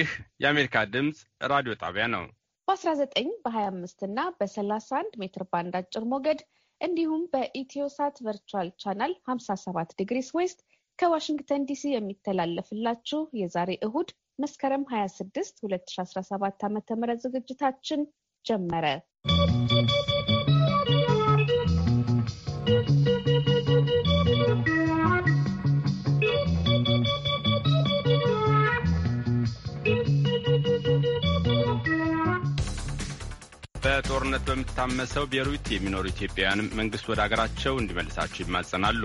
ይህ የአሜሪካ ድምፅ ራዲዮ ጣቢያ ነው። በ19 በ25 እና በ31 ሜትር ባንድ አጭር ሞገድ እንዲሁም በኢትዮሳት ቨርቹዋል ቻናል 57 ዲግሪስ ዌስት ከዋሽንግተን ዲሲ የሚተላለፍላችሁ የዛሬ እሁድ መስከረም 26 2017 ዓ ም ዝግጅታችን ጀመረ። በጦርነት በምታመሰው ቤሩት የሚኖሩ ኢትዮጵያውያን መንግስት ወደ አገራቸው እንዲመልሳቸው ይማጸናሉ።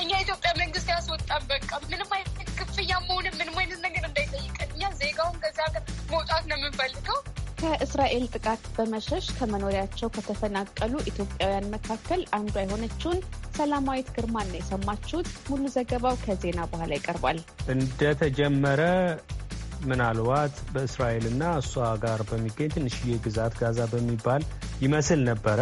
እኛ ኢትዮጵያ መንግስት ያስወጣን በቃ ምንም አይነት ክፍያ መሆንም ምንም አይነት ነገር እንዳይጠይቀን እኛ ዜጋውን ከዚ ሀገር መውጣት ነው የምንፈልገው። ከእስራኤል ጥቃት በመሸሽ ከመኖሪያቸው ከተፈናቀሉ ኢትዮጵያውያን መካከል አንዷ የሆነችውን ሰላማዊት ግርማን ነው የሰማችሁት። ሙሉ ዘገባው ከዜና በኋላ ይቀርባል። እንደተጀመረ ምናልባት በእስራኤልና እሷ ጋር በሚገኝ ትንሽዬ ግዛት ጋዛ በሚባል ይመስል ነበረ።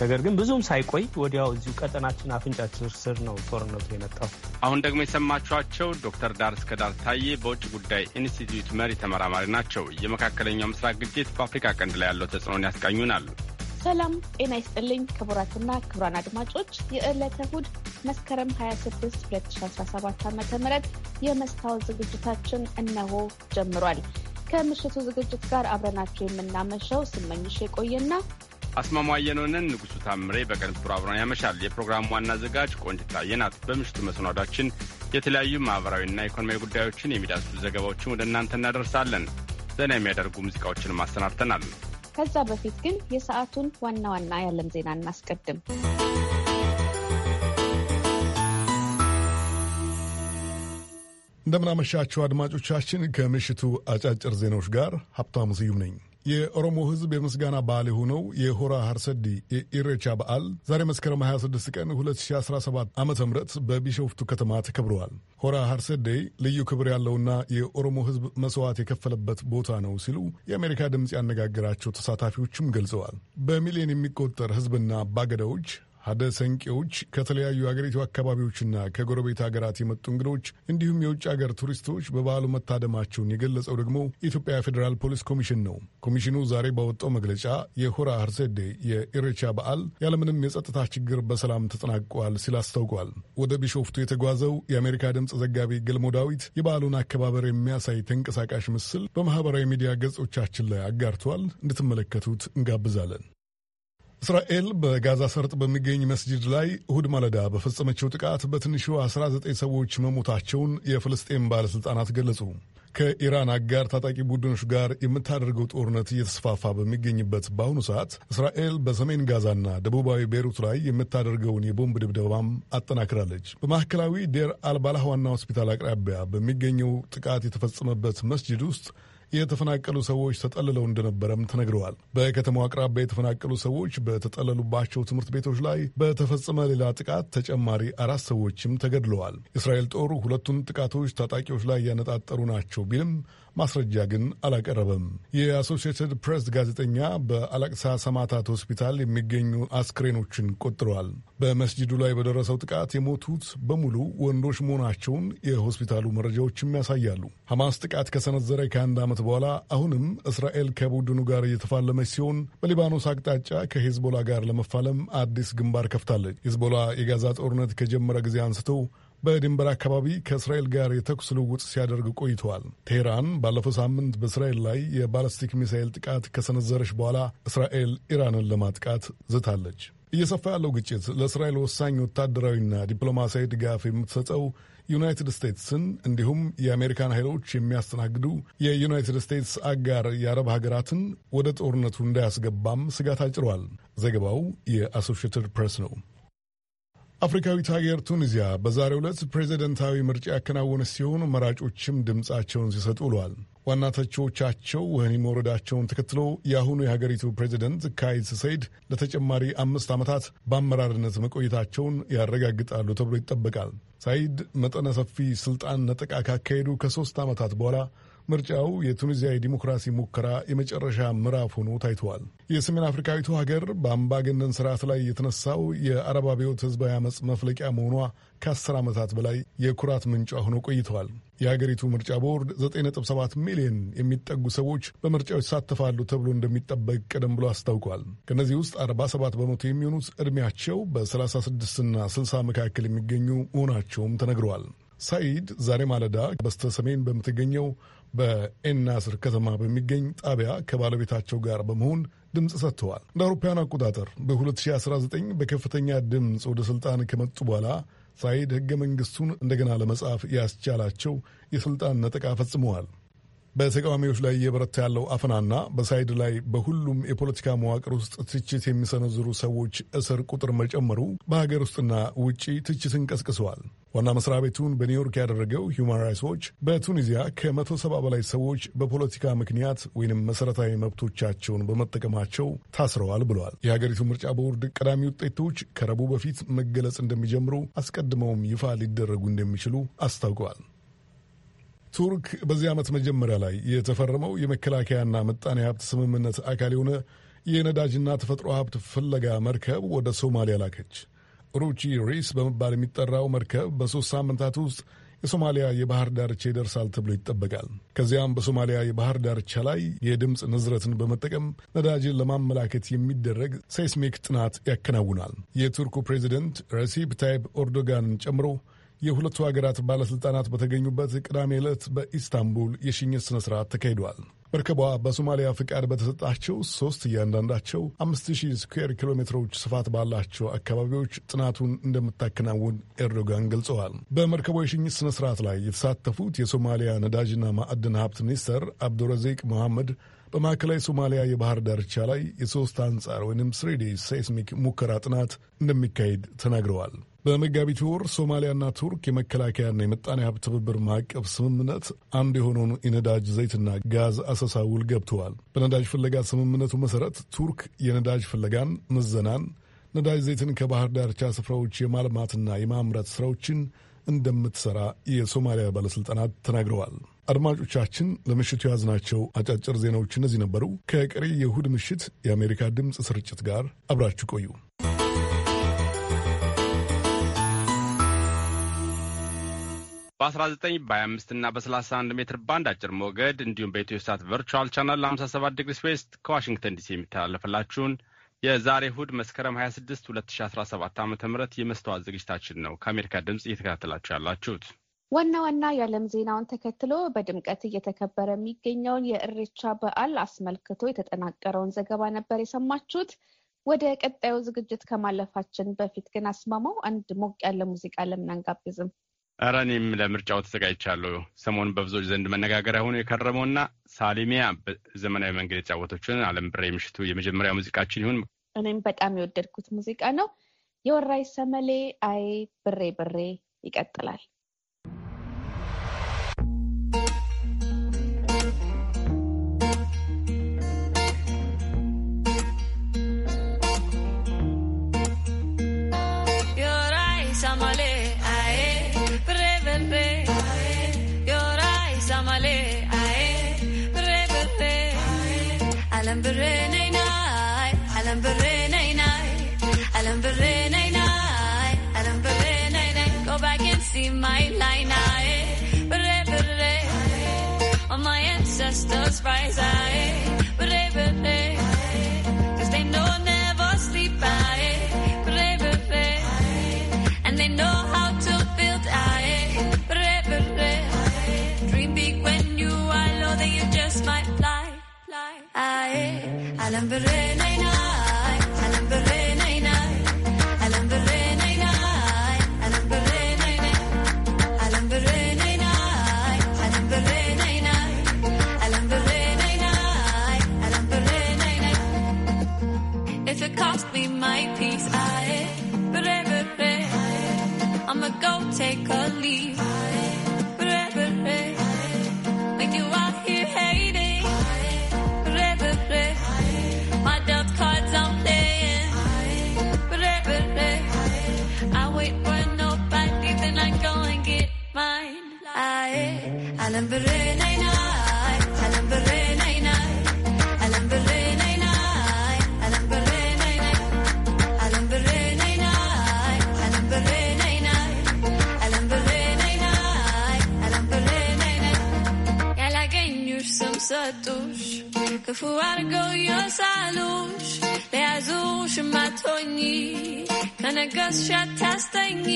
ነገር ግን ብዙም ሳይቆይ ወዲያው እዚሁ ቀጠናችን አፍንጫችን ስር ነው ጦርነቱ የመጣው። አሁን ደግሞ የሰማችኋቸው ዶክተር ዳር እስከ ዳር ታዬ በውጭ ጉዳይ ኢንስቲትዩት መሪ ተመራማሪ ናቸው። የመካከለኛው ምስራቅ ግጭት በአፍሪካ ቀንድ ላይ ያለው ተጽዕኖን ያስቃኙናል። ሰላም ጤና ይስጥልኝ ክቡራትና ክቡራን አድማጮች የዕለተ እሁድ መስከረም 26 2017 ዓ ም የመስታወት ዝግጅታችን እነሆ ጀምሯል። ከምሽቱ ዝግጅት ጋር አብረናቸው የምናመሸው ስመኝሽ የቆየና አስማማየኖንን ንጉሱ ታምሬ በቅንብሩ አብረን ያመሻል። የፕሮግራሙ ዋና አዘጋጅ ቆንጅት ታየ ናት። በምሽቱ መሰናዷችን የተለያዩ ማኅበራዊና ኢኮኖሚያዊ ጉዳዮችን የሚዳስሱ ዘገባዎችን ወደ እናንተ እናደርሳለን። ዘና የሚያደርጉ ሙዚቃዎችንም አሰናድተናል። ከዛ በፊት ግን የሰዓቱን ዋና ዋና የዓለም ዜና እናስቀድም። እንደምናመሻችሁ አድማጮቻችን፣ ከምሽቱ አጫጭር ዜናዎች ጋር ሀብታሙ ስዩም ነኝ። የኦሮሞ ሕዝብ የምስጋና በዓል የሆነው የሆራ ሀርሰዲ የኢሬቻ በዓል ዛሬ መስከረም 26 ቀን 2017 ዓ ም በቢሾፍቱ ከተማ ተከብረዋል። ሆራ ሀርሰዴ ልዩ ክብር ያለውና የኦሮሞ ሕዝብ መስዋዕት የከፈለበት ቦታ ነው ሲሉ የአሜሪካ ድምፅ ያነጋገራቸው ተሳታፊዎችም ገልጸዋል። በሚሊዮን የሚቆጠር ሕዝብና አባገዳዎች ሀደ ሰንቄዎች ከተለያዩ አገሪቱ አካባቢዎችና ከጎረቤት ሀገራት የመጡ እንግዶች እንዲሁም የውጭ ሀገር ቱሪስቶች በበዓሉ መታደማቸውን የገለጸው ደግሞ የኢትዮጵያ ፌዴራል ፖሊስ ኮሚሽን ነው። ኮሚሽኑ ዛሬ ባወጣው መግለጫ የሆራ አርሰዴ የኢሬቻ በዓል ያለምንም የጸጥታ ችግር በሰላም ተጠናቋል ሲል አስታውቋል። ወደ ቢሾፍቱ የተጓዘው የአሜሪካ ድምፅ ዘጋቢ ገልሞ ዳዊት የበዓሉን አከባበር የሚያሳይ ተንቀሳቃሽ ምስል በማህበራዊ ሚዲያ ገጾቻችን ላይ አጋርተዋል። እንድትመለከቱት እንጋብዛለን። እስራኤል በጋዛ ሰርጥ በሚገኝ መስጂድ ላይ እሁድ ማለዳ በፈጸመችው ጥቃት በትንሹ 19 ሰዎች መሞታቸውን የፍልስጤም ባለሥልጣናት ገለጹ። ከኢራን አጋር ታጣቂ ቡድኖች ጋር የምታደርገው ጦርነት እየተስፋፋ በሚገኝበት በአሁኑ ሰዓት እስራኤል በሰሜን ጋዛና ደቡባዊ ቤሩት ላይ የምታደርገውን የቦምብ ድብደባም አጠናክራለች። በማዕከላዊ ዴር አልባላህ ዋና ሆስፒታል አቅራቢያ በሚገኘው ጥቃት የተፈጸመበት መስጂድ ውስጥ የተፈናቀሉ ሰዎች ተጠልለው እንደነበረም ተነግረዋል። በከተማው አቅራቢያ የተፈናቀሉ ሰዎች በተጠለሉባቸው ትምህርት ቤቶች ላይ በተፈጸመ ሌላ ጥቃት ተጨማሪ አራት ሰዎችም ተገድለዋል። እስራኤል ጦር ሁለቱን ጥቃቶች ታጣቂዎች ላይ ያነጣጠሩ ናቸው ቢልም ማስረጃ ግን አላቀረበም። የአሶሺየትድ ፕሬስ ጋዜጠኛ በአላቅሳ ሰማዕታት ሆስፒታል የሚገኙ አስክሬኖችን ቆጥረዋል። በመስጂዱ ላይ በደረሰው ጥቃት የሞቱት በሙሉ ወንዶች መሆናቸውን የሆስፒታሉ መረጃዎችም ያሳያሉ። ሐማስ ጥቃት ከሰነዘረ ከአንድ ዓመት በኋላ አሁንም እስራኤል ከቡድኑ ጋር እየተፋለመች ሲሆን በሊባኖስ አቅጣጫ ከሄዝቦላ ጋር ለመፋለም አዲስ ግንባር ከፍታለች። ሄዝቦላ የጋዛ ጦርነት ከጀመረ ጊዜ አንስቶ በድንበር አካባቢ ከእስራኤል ጋር የተኩስ ልውውጥ ሲያደርግ ቆይተዋል። ቴህራን ባለፈው ሳምንት በእስራኤል ላይ የባለስቲክ ሚሳኤል ጥቃት ከሰነዘረች በኋላ እስራኤል ኢራንን ለማጥቃት ዝታለች። እየሰፋ ያለው ግጭት ለእስራኤል ወሳኝ ወታደራዊና ዲፕሎማሲያዊ ድጋፍ የምትሰጠው ዩናይትድ ስቴትስን እንዲሁም የአሜሪካን ኃይሎች የሚያስተናግዱ የዩናይትድ ስቴትስ አጋር የአረብ ሀገራትን ወደ ጦርነቱ እንዳያስገባም ስጋት አጭሯል። ዘገባው የአሶሽትድ ፕሬስ ነው። አፍሪካዊት ሀገር ቱኒዚያ በዛሬው ዕለት ፕሬዚደንታዊ ምርጫ ያከናወነ ሲሆን መራጮችም ድምፃቸውን ሲሰጡ ውሏል። ዋና ተቺዎቻቸው ወህኒ መውረዳቸውን ተከትሎ የአሁኑ የሀገሪቱ ፕሬዚደንት ካይስ ሰይድ ለተጨማሪ አምስት ዓመታት በአመራርነት መቆየታቸውን ያረጋግጣሉ ተብሎ ይጠበቃል። ሳይድ መጠነ ሰፊ ስልጣን ነጠቃ ካካሄዱ ከሶስት ዓመታት በኋላ ምርጫው የቱኒዚያ የዲሞክራሲ ሙከራ የመጨረሻ ምዕራፍ ሆኖ ታይተዋል። የሰሜን አፍሪካዊቱ ሀገር በአምባገነን ስርዓት ላይ የተነሳው የአረብ አብዮት ህዝባዊ አመፅ መፍለቂያ መሆኗ ከአስር ዓመታት በላይ የኩራት ምንጯ ሆኖ ቆይተዋል። የሀገሪቱ ምርጫ ቦርድ 9.7 ሚሊዮን የሚጠጉ ሰዎች በምርጫው ይሳተፋሉ ተብሎ እንደሚጠበቅ ቀደም ብሎ አስታውቋል። ከእነዚህ ውስጥ 47 በመቶ የሚሆኑት ዕድሜያቸው በ36ና 60 መካከል የሚገኙ መሆናቸውም ተነግረዋል። ሳይድ ዛሬ ማለዳ በስተ ሰሜን በምትገኘው በኤናስር ከተማ በሚገኝ ጣቢያ ከባለቤታቸው ጋር በመሆን ድምፅ ሰጥተዋል። እንደ አውሮፓውያን አቆጣጠር በ2019 በከፍተኛ ድምፅ ወደ ስልጣን ከመጡ በኋላ ሳይድ ህገ መንግስቱን እንደገና ለመጻፍ ያስቻላቸው የስልጣን ነጠቃ ፈጽመዋል። በተቃዋሚዎች ላይ እየበረታ ያለው አፈናና በሳይድ ላይ በሁሉም የፖለቲካ መዋቅር ውስጥ ትችት የሚሰነዝሩ ሰዎች እስር ቁጥር መጨመሩ በሀገር ውስጥና ውጪ ትችትን ቀስቅሰዋል። ዋና መስሪያ ቤቱን በኒውዮርክ ያደረገው ሁማን ራይትስ ዎች በቱኒዚያ ከመቶ ሰባ በላይ ሰዎች በፖለቲካ ምክንያት ወይንም መሠረታዊ መብቶቻቸውን በመጠቀማቸው ታስረዋል ብለዋል። የሀገሪቱ ምርጫ ቦርድ ቀዳሚ ውጤቶች ከረቡዕ በፊት መገለጽ እንደሚጀምሩ አስቀድመውም ይፋ ሊደረጉ እንደሚችሉ አስታውቀዋል። ቱርክ በዚህ ዓመት መጀመሪያ ላይ የተፈረመው የመከላከያና ምጣኔ ሀብት ስምምነት አካል የሆነ የነዳጅና ተፈጥሮ ሀብት ፍለጋ መርከብ ወደ ሶማሊያ ላከች። ሩቺ ሪስ በመባል የሚጠራው መርከብ በሦስት ሳምንታት ውስጥ የሶማሊያ የባህር ዳርቻ ይደርሳል ተብሎ ይጠበቃል። ከዚያም በሶማሊያ የባህር ዳርቻ ላይ የድምፅ ንዝረትን በመጠቀም ነዳጅን ለማመላከት የሚደረግ ሴስሜክ ጥናት ያከናውናል። የቱርኩ ፕሬዚደንት ረሲፕ ታይፕ ኤርዶጋንን ጨምሮ የሁለቱ ሀገራት ባለሥልጣናት በተገኙበት ቅዳሜ ዕለት በኢስታንቡል የሽኝት ሥነ ሥርዓት ተካሂዷል። መርከቧ በሶማሊያ ፍቃድ በተሰጣቸው ሦስት እያንዳንዳቸው 5000 ስኩዌር ኪሎ ሜትሮች ስፋት ባላቸው አካባቢዎች ጥናቱን እንደምታከናውን ኤርዶጋን ገልጸዋል። በመርከቧ የሽኝት ሥነ ሥርዓት ላይ የተሳተፉት የሶማሊያ ነዳጅና ማዕድን ሀብት ሚኒስተር አብዱረዚቅ መሐመድ በማዕከላዊ ሶማሊያ የባህር ዳርቻ ላይ የሶስት አንጻር ወይም ስሪዲ ሴስሚክ ሙከራ ጥናት እንደሚካሄድ ተናግረዋል። በመጋቢት ወር ሶማሊያና ቱርክ የመከላከያና የመጣኔ ሀብት ትብብር ማዕቀፍ ስምምነት አንድ የሆነውን የነዳጅ ዘይትና ጋዝ አሰሳ ውል ገብተዋል። በነዳጅ ፍለጋ ስምምነቱ መሰረት ቱርክ የነዳጅ ፍለጋን፣ ምዘናን፣ ነዳጅ ዘይትን ከባህር ዳርቻ ስፍራዎች የማልማትና የማምረት ስራዎችን እንደምትሰራ የሶማሊያ ባለሥልጣናት ተናግረዋል። አድማጮቻችን ለምሽቱ የያዝናቸው አጫጭር ዜናዎች እነዚህ ነበሩ። ከቀሪ የእሁድ ምሽት የአሜሪካ ድምፅ ስርጭት ጋር አብራችሁ ቆዩ። በ19 በ25 እና በ31 ሜትር ባንድ አጭር ሞገድ እንዲሁም በኢትዮ ሳት ቨርቹዋል ቻናል 57 ዲግሪ ስዌስት ከዋሽንግተን ዲሲ የሚተላለፍላችሁን የዛሬ እሁድ መስከረም 26 2017 ዓ ም የመስተዋት ዝግጅታችን ነው ከአሜሪካ ድምፅ እየተከታተላችሁ ያላችሁት። ዋና ዋና የዓለም ዜናውን ተከትሎ በድምቀት እየተከበረ የሚገኘውን የእሬቻ በዓል አስመልክቶ የተጠናቀረውን ዘገባ ነበር የሰማችሁት። ወደ ቀጣዩ ዝግጅት ከማለፋችን በፊት ግን አስማማው አንድ ሞቅ ያለ ሙዚቃ ለምን አንጋብዝም? ኧረ እኔም ለምርጫው ተዘጋጅቻለሁ። ሰሞኑን በብዙዎች ዘንድ መነጋገሪያ ሆኖ የከረመውና ሳሊሚያ በዘመናዊ መንገድ የጫወተችን አለም ብሬ የምሽቱ የመጀመሪያ ሙዚቃችን ይሁን። እኔም በጣም የወደድኩት ሙዚቃ ነው። የወራይ ሰመሌ አይ ብሬ ብሬ ይቀጥላል። Go back and see my line on my ancestors rise Number Berrena. ገሻታ አስተኝ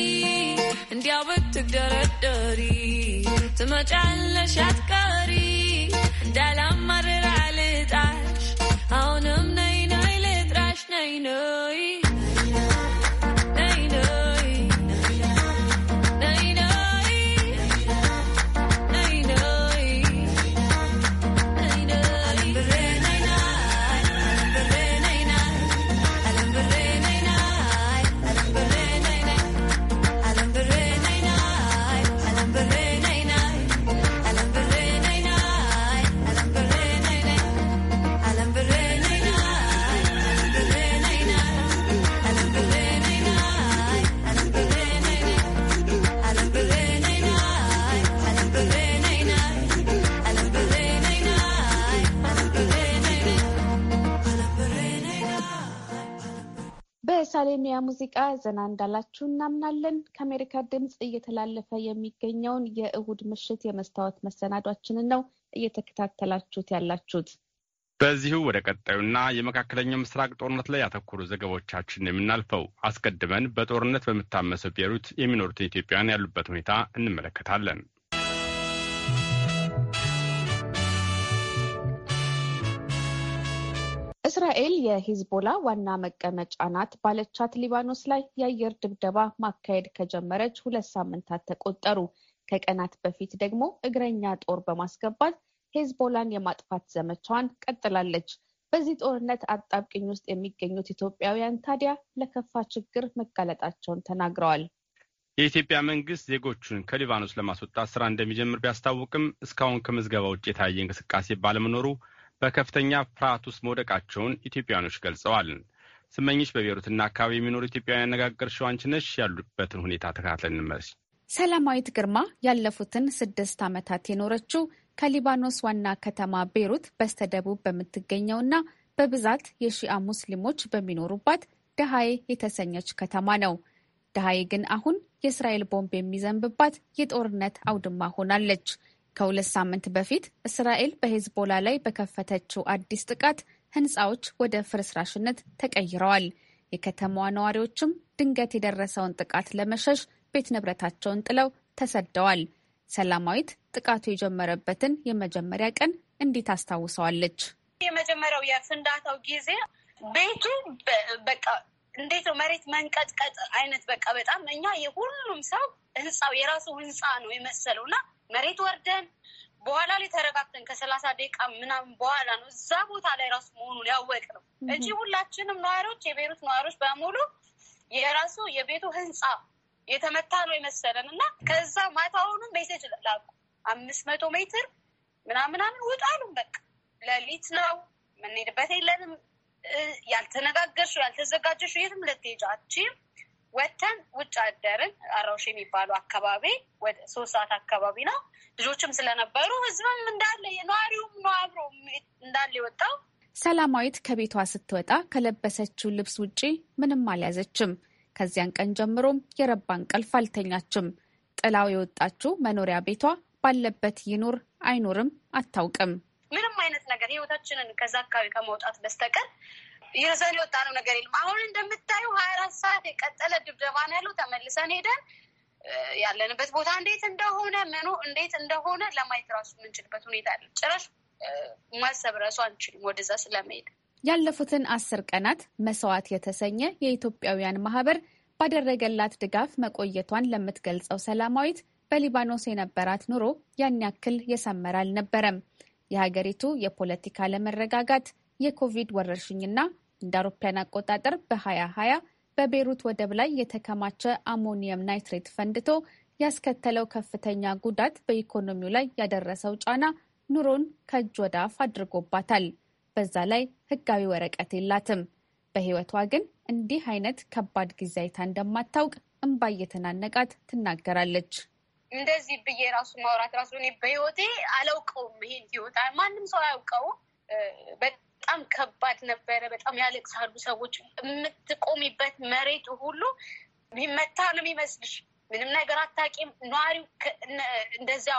እንዲያው ብትግደረደሪ ትመጫለሻት በምሳሌም ሙዚቃ ዘና እንዳላችሁ እናምናለን። ከአሜሪካ ድምፅ እየተላለፈ የሚገኘውን የእሁድ ምሽት የመስታወት መሰናዷችንን ነው እየተከታተላችሁት ያላችሁት። በዚሁ ወደ ቀጣዩና የመካከለኛው ምስራቅ ጦርነት ላይ ያተኮሩ ዘገባዎቻችን የምናልፈው አስቀድመን በጦርነት በምታመሰው ቤሩት የሚኖሩትን ኢትዮጵያውያን ያሉበት ሁኔታ እንመለከታለን። እስራኤል የሂዝቦላ ዋና መቀመጫ ናት ባለቻት ሊባኖስ ላይ የአየር ድብደባ ማካሄድ ከጀመረች ሁለት ሳምንታት ተቆጠሩ። ከቀናት በፊት ደግሞ እግረኛ ጦር በማስገባት ሂዝቦላን የማጥፋት ዘመቻዋን ቀጥላለች። በዚህ ጦርነት አጣብቅኝ ውስጥ የሚገኙት ኢትዮጵያውያን ታዲያ ለከፋ ችግር መጋለጣቸውን ተናግረዋል። የኢትዮጵያ መንግስት ዜጎቹን ከሊባኖስ ለማስወጣት ስራ እንደሚጀምር ቢያስታውቅም እስካሁን ከምዝገባ ውጭ የታየ እንቅስቃሴ ባለመኖሩ በከፍተኛ ፍርሃት ውስጥ መውደቃቸውን ኢትዮጵያውያኖች ገልጸዋል። ስመኝሽ በቤሩትና አካባቢ የሚኖሩ ኢትዮጵያውያን ያነጋገርሽው አንቺ ነሽ። ያሉበትን ሁኔታ ተከታትለን እንመለስ። ሰላማዊት ግርማ ያለፉትን ስድስት ዓመታት የኖረችው ከሊባኖስ ዋና ከተማ ቤሩት በስተደቡብ በምትገኘውና በብዛት የሺአ ሙስሊሞች በሚኖሩባት ደሃዬ የተሰኘች ከተማ ነው። ደሃዬ ግን አሁን የእስራኤል ቦምብ የሚዘንብባት የጦርነት አውድማ ሆናለች። ከሁለት ሳምንት በፊት እስራኤል በሄዝቦላ ላይ በከፈተችው አዲስ ጥቃት ህንፃዎች ወደ ፍርስራሽነት ተቀይረዋል። የከተማዋ ነዋሪዎችም ድንገት የደረሰውን ጥቃት ለመሸሽ ቤት ንብረታቸውን ጥለው ተሰደዋል። ሰላማዊት ጥቃቱ የጀመረበትን የመጀመሪያ ቀን እንዴት አስታውሰዋለች? የመጀመሪያው የፍንዳታው ጊዜ ቤቱ በቃ እንዴት ነው መሬት መንቀጥቀጥ አይነት በቃ በጣም እኛ የሁሉም ሰው ህንፃው የራሱ ህንፃ ነው የመሰለው እና መሬት ወርደን በኋላ ላይ ተረጋግተን ከሰላሳ ደቂቃ ምናምን በኋላ ነው እዛ ቦታ ላይ ራሱ መሆኑ ሊያወቅ ነው እንጂ ሁላችንም ነዋሪዎች፣ የቤሩት ነዋሪዎች በሙሉ የራሱ የቤቱ ህንፃ የተመታ ነው የመሰለን እና ከዛ ማታውንም ሜሴጅ ላኩ። አምስት መቶ ሜትር ምናምናምን ውጣ አሉን። በቃ ሌሊት ነው የምንሄድበት የለንም። ያልተነጋገርሽው ያልተዘጋጀሽው የትም ልትሄጃ አትችይም ወጥተን ውጭ አደርን። አራውሽ የሚባለው አካባቢ ወደ ሶስት ሰዓት አካባቢ ነው። ልጆችም ስለነበሩ ህዝብም እንዳለ የነዋሪውም ነው አብሮ እንዳለ የወጣው። ሰላማዊት ከቤቷ ስትወጣ ከለበሰችው ልብስ ውጪ ምንም አልያዘችም። ከዚያን ቀን ጀምሮም የረባ እንቅልፍ አልተኛችም። ጥላው የወጣችው መኖሪያ ቤቷ ባለበት ይኑር አይኑርም አታውቅም። ምንም አይነት ነገር ህይወታችንን ከዛ አካባቢ ከመውጣት በስተቀር ይዘን ነው ነገር የለም። አሁን እንደምታዩ ሀያ አራት ሰዓት የቀጠለ ድብደባ ነው ያለው። ተመልሰን ሄደን ያለንበት ቦታ እንዴት እንደሆነ ምኑ እንዴት እንደሆነ ለማየት ራሱ የምንችልበት ሁኔታ አለ። ጭራሽ ማሰብ ራሱ አንችልም ወደዛ ስለመሄድ። ያለፉትን አስር ቀናት መስዋዕት የተሰኘ የኢትዮጵያውያን ማህበር ባደረገላት ድጋፍ መቆየቷን ለምትገልጸው ሰላማዊት በሊባኖስ የነበራት ኑሮ ያን ያክል የሰመረ አልነበረም። የሀገሪቱ የፖለቲካ ለመረጋጋት የኮቪድ ወረርሽኝና እንደ አውሮፓያን አቆጣጠር በ2020 በቤሩት ወደብ ላይ የተከማቸ አሞኒየም ናይትሬት ፈንድቶ ያስከተለው ከፍተኛ ጉዳት በኢኮኖሚው ላይ ያደረሰው ጫና ኑሮን ከእጅ ወደ አፍ አድርጎባታል። በዛ ላይ ሕጋዊ ወረቀት የላትም። በሕይወቷ ግን እንዲህ አይነት ከባድ ጊዜ አይታ እንደማታውቅ እንባ እየተናነቃት ትናገራለች። እንደዚህ ብዬ ራሱ ማውራት ራሱ እኔ በሕይወቴ አላውቀውም። ይሄን ሕይወት ማንም ሰው አያውቀውም። በጣም ከባድ ነበረ። በጣም ያለቅሳሉ ሰዎች። የምትቆሚበት መሬት ሁሉ የሚመታ ነው የሚመስልሽ። ምንም ነገር አታቂም። ነዋሪው እንደዚያ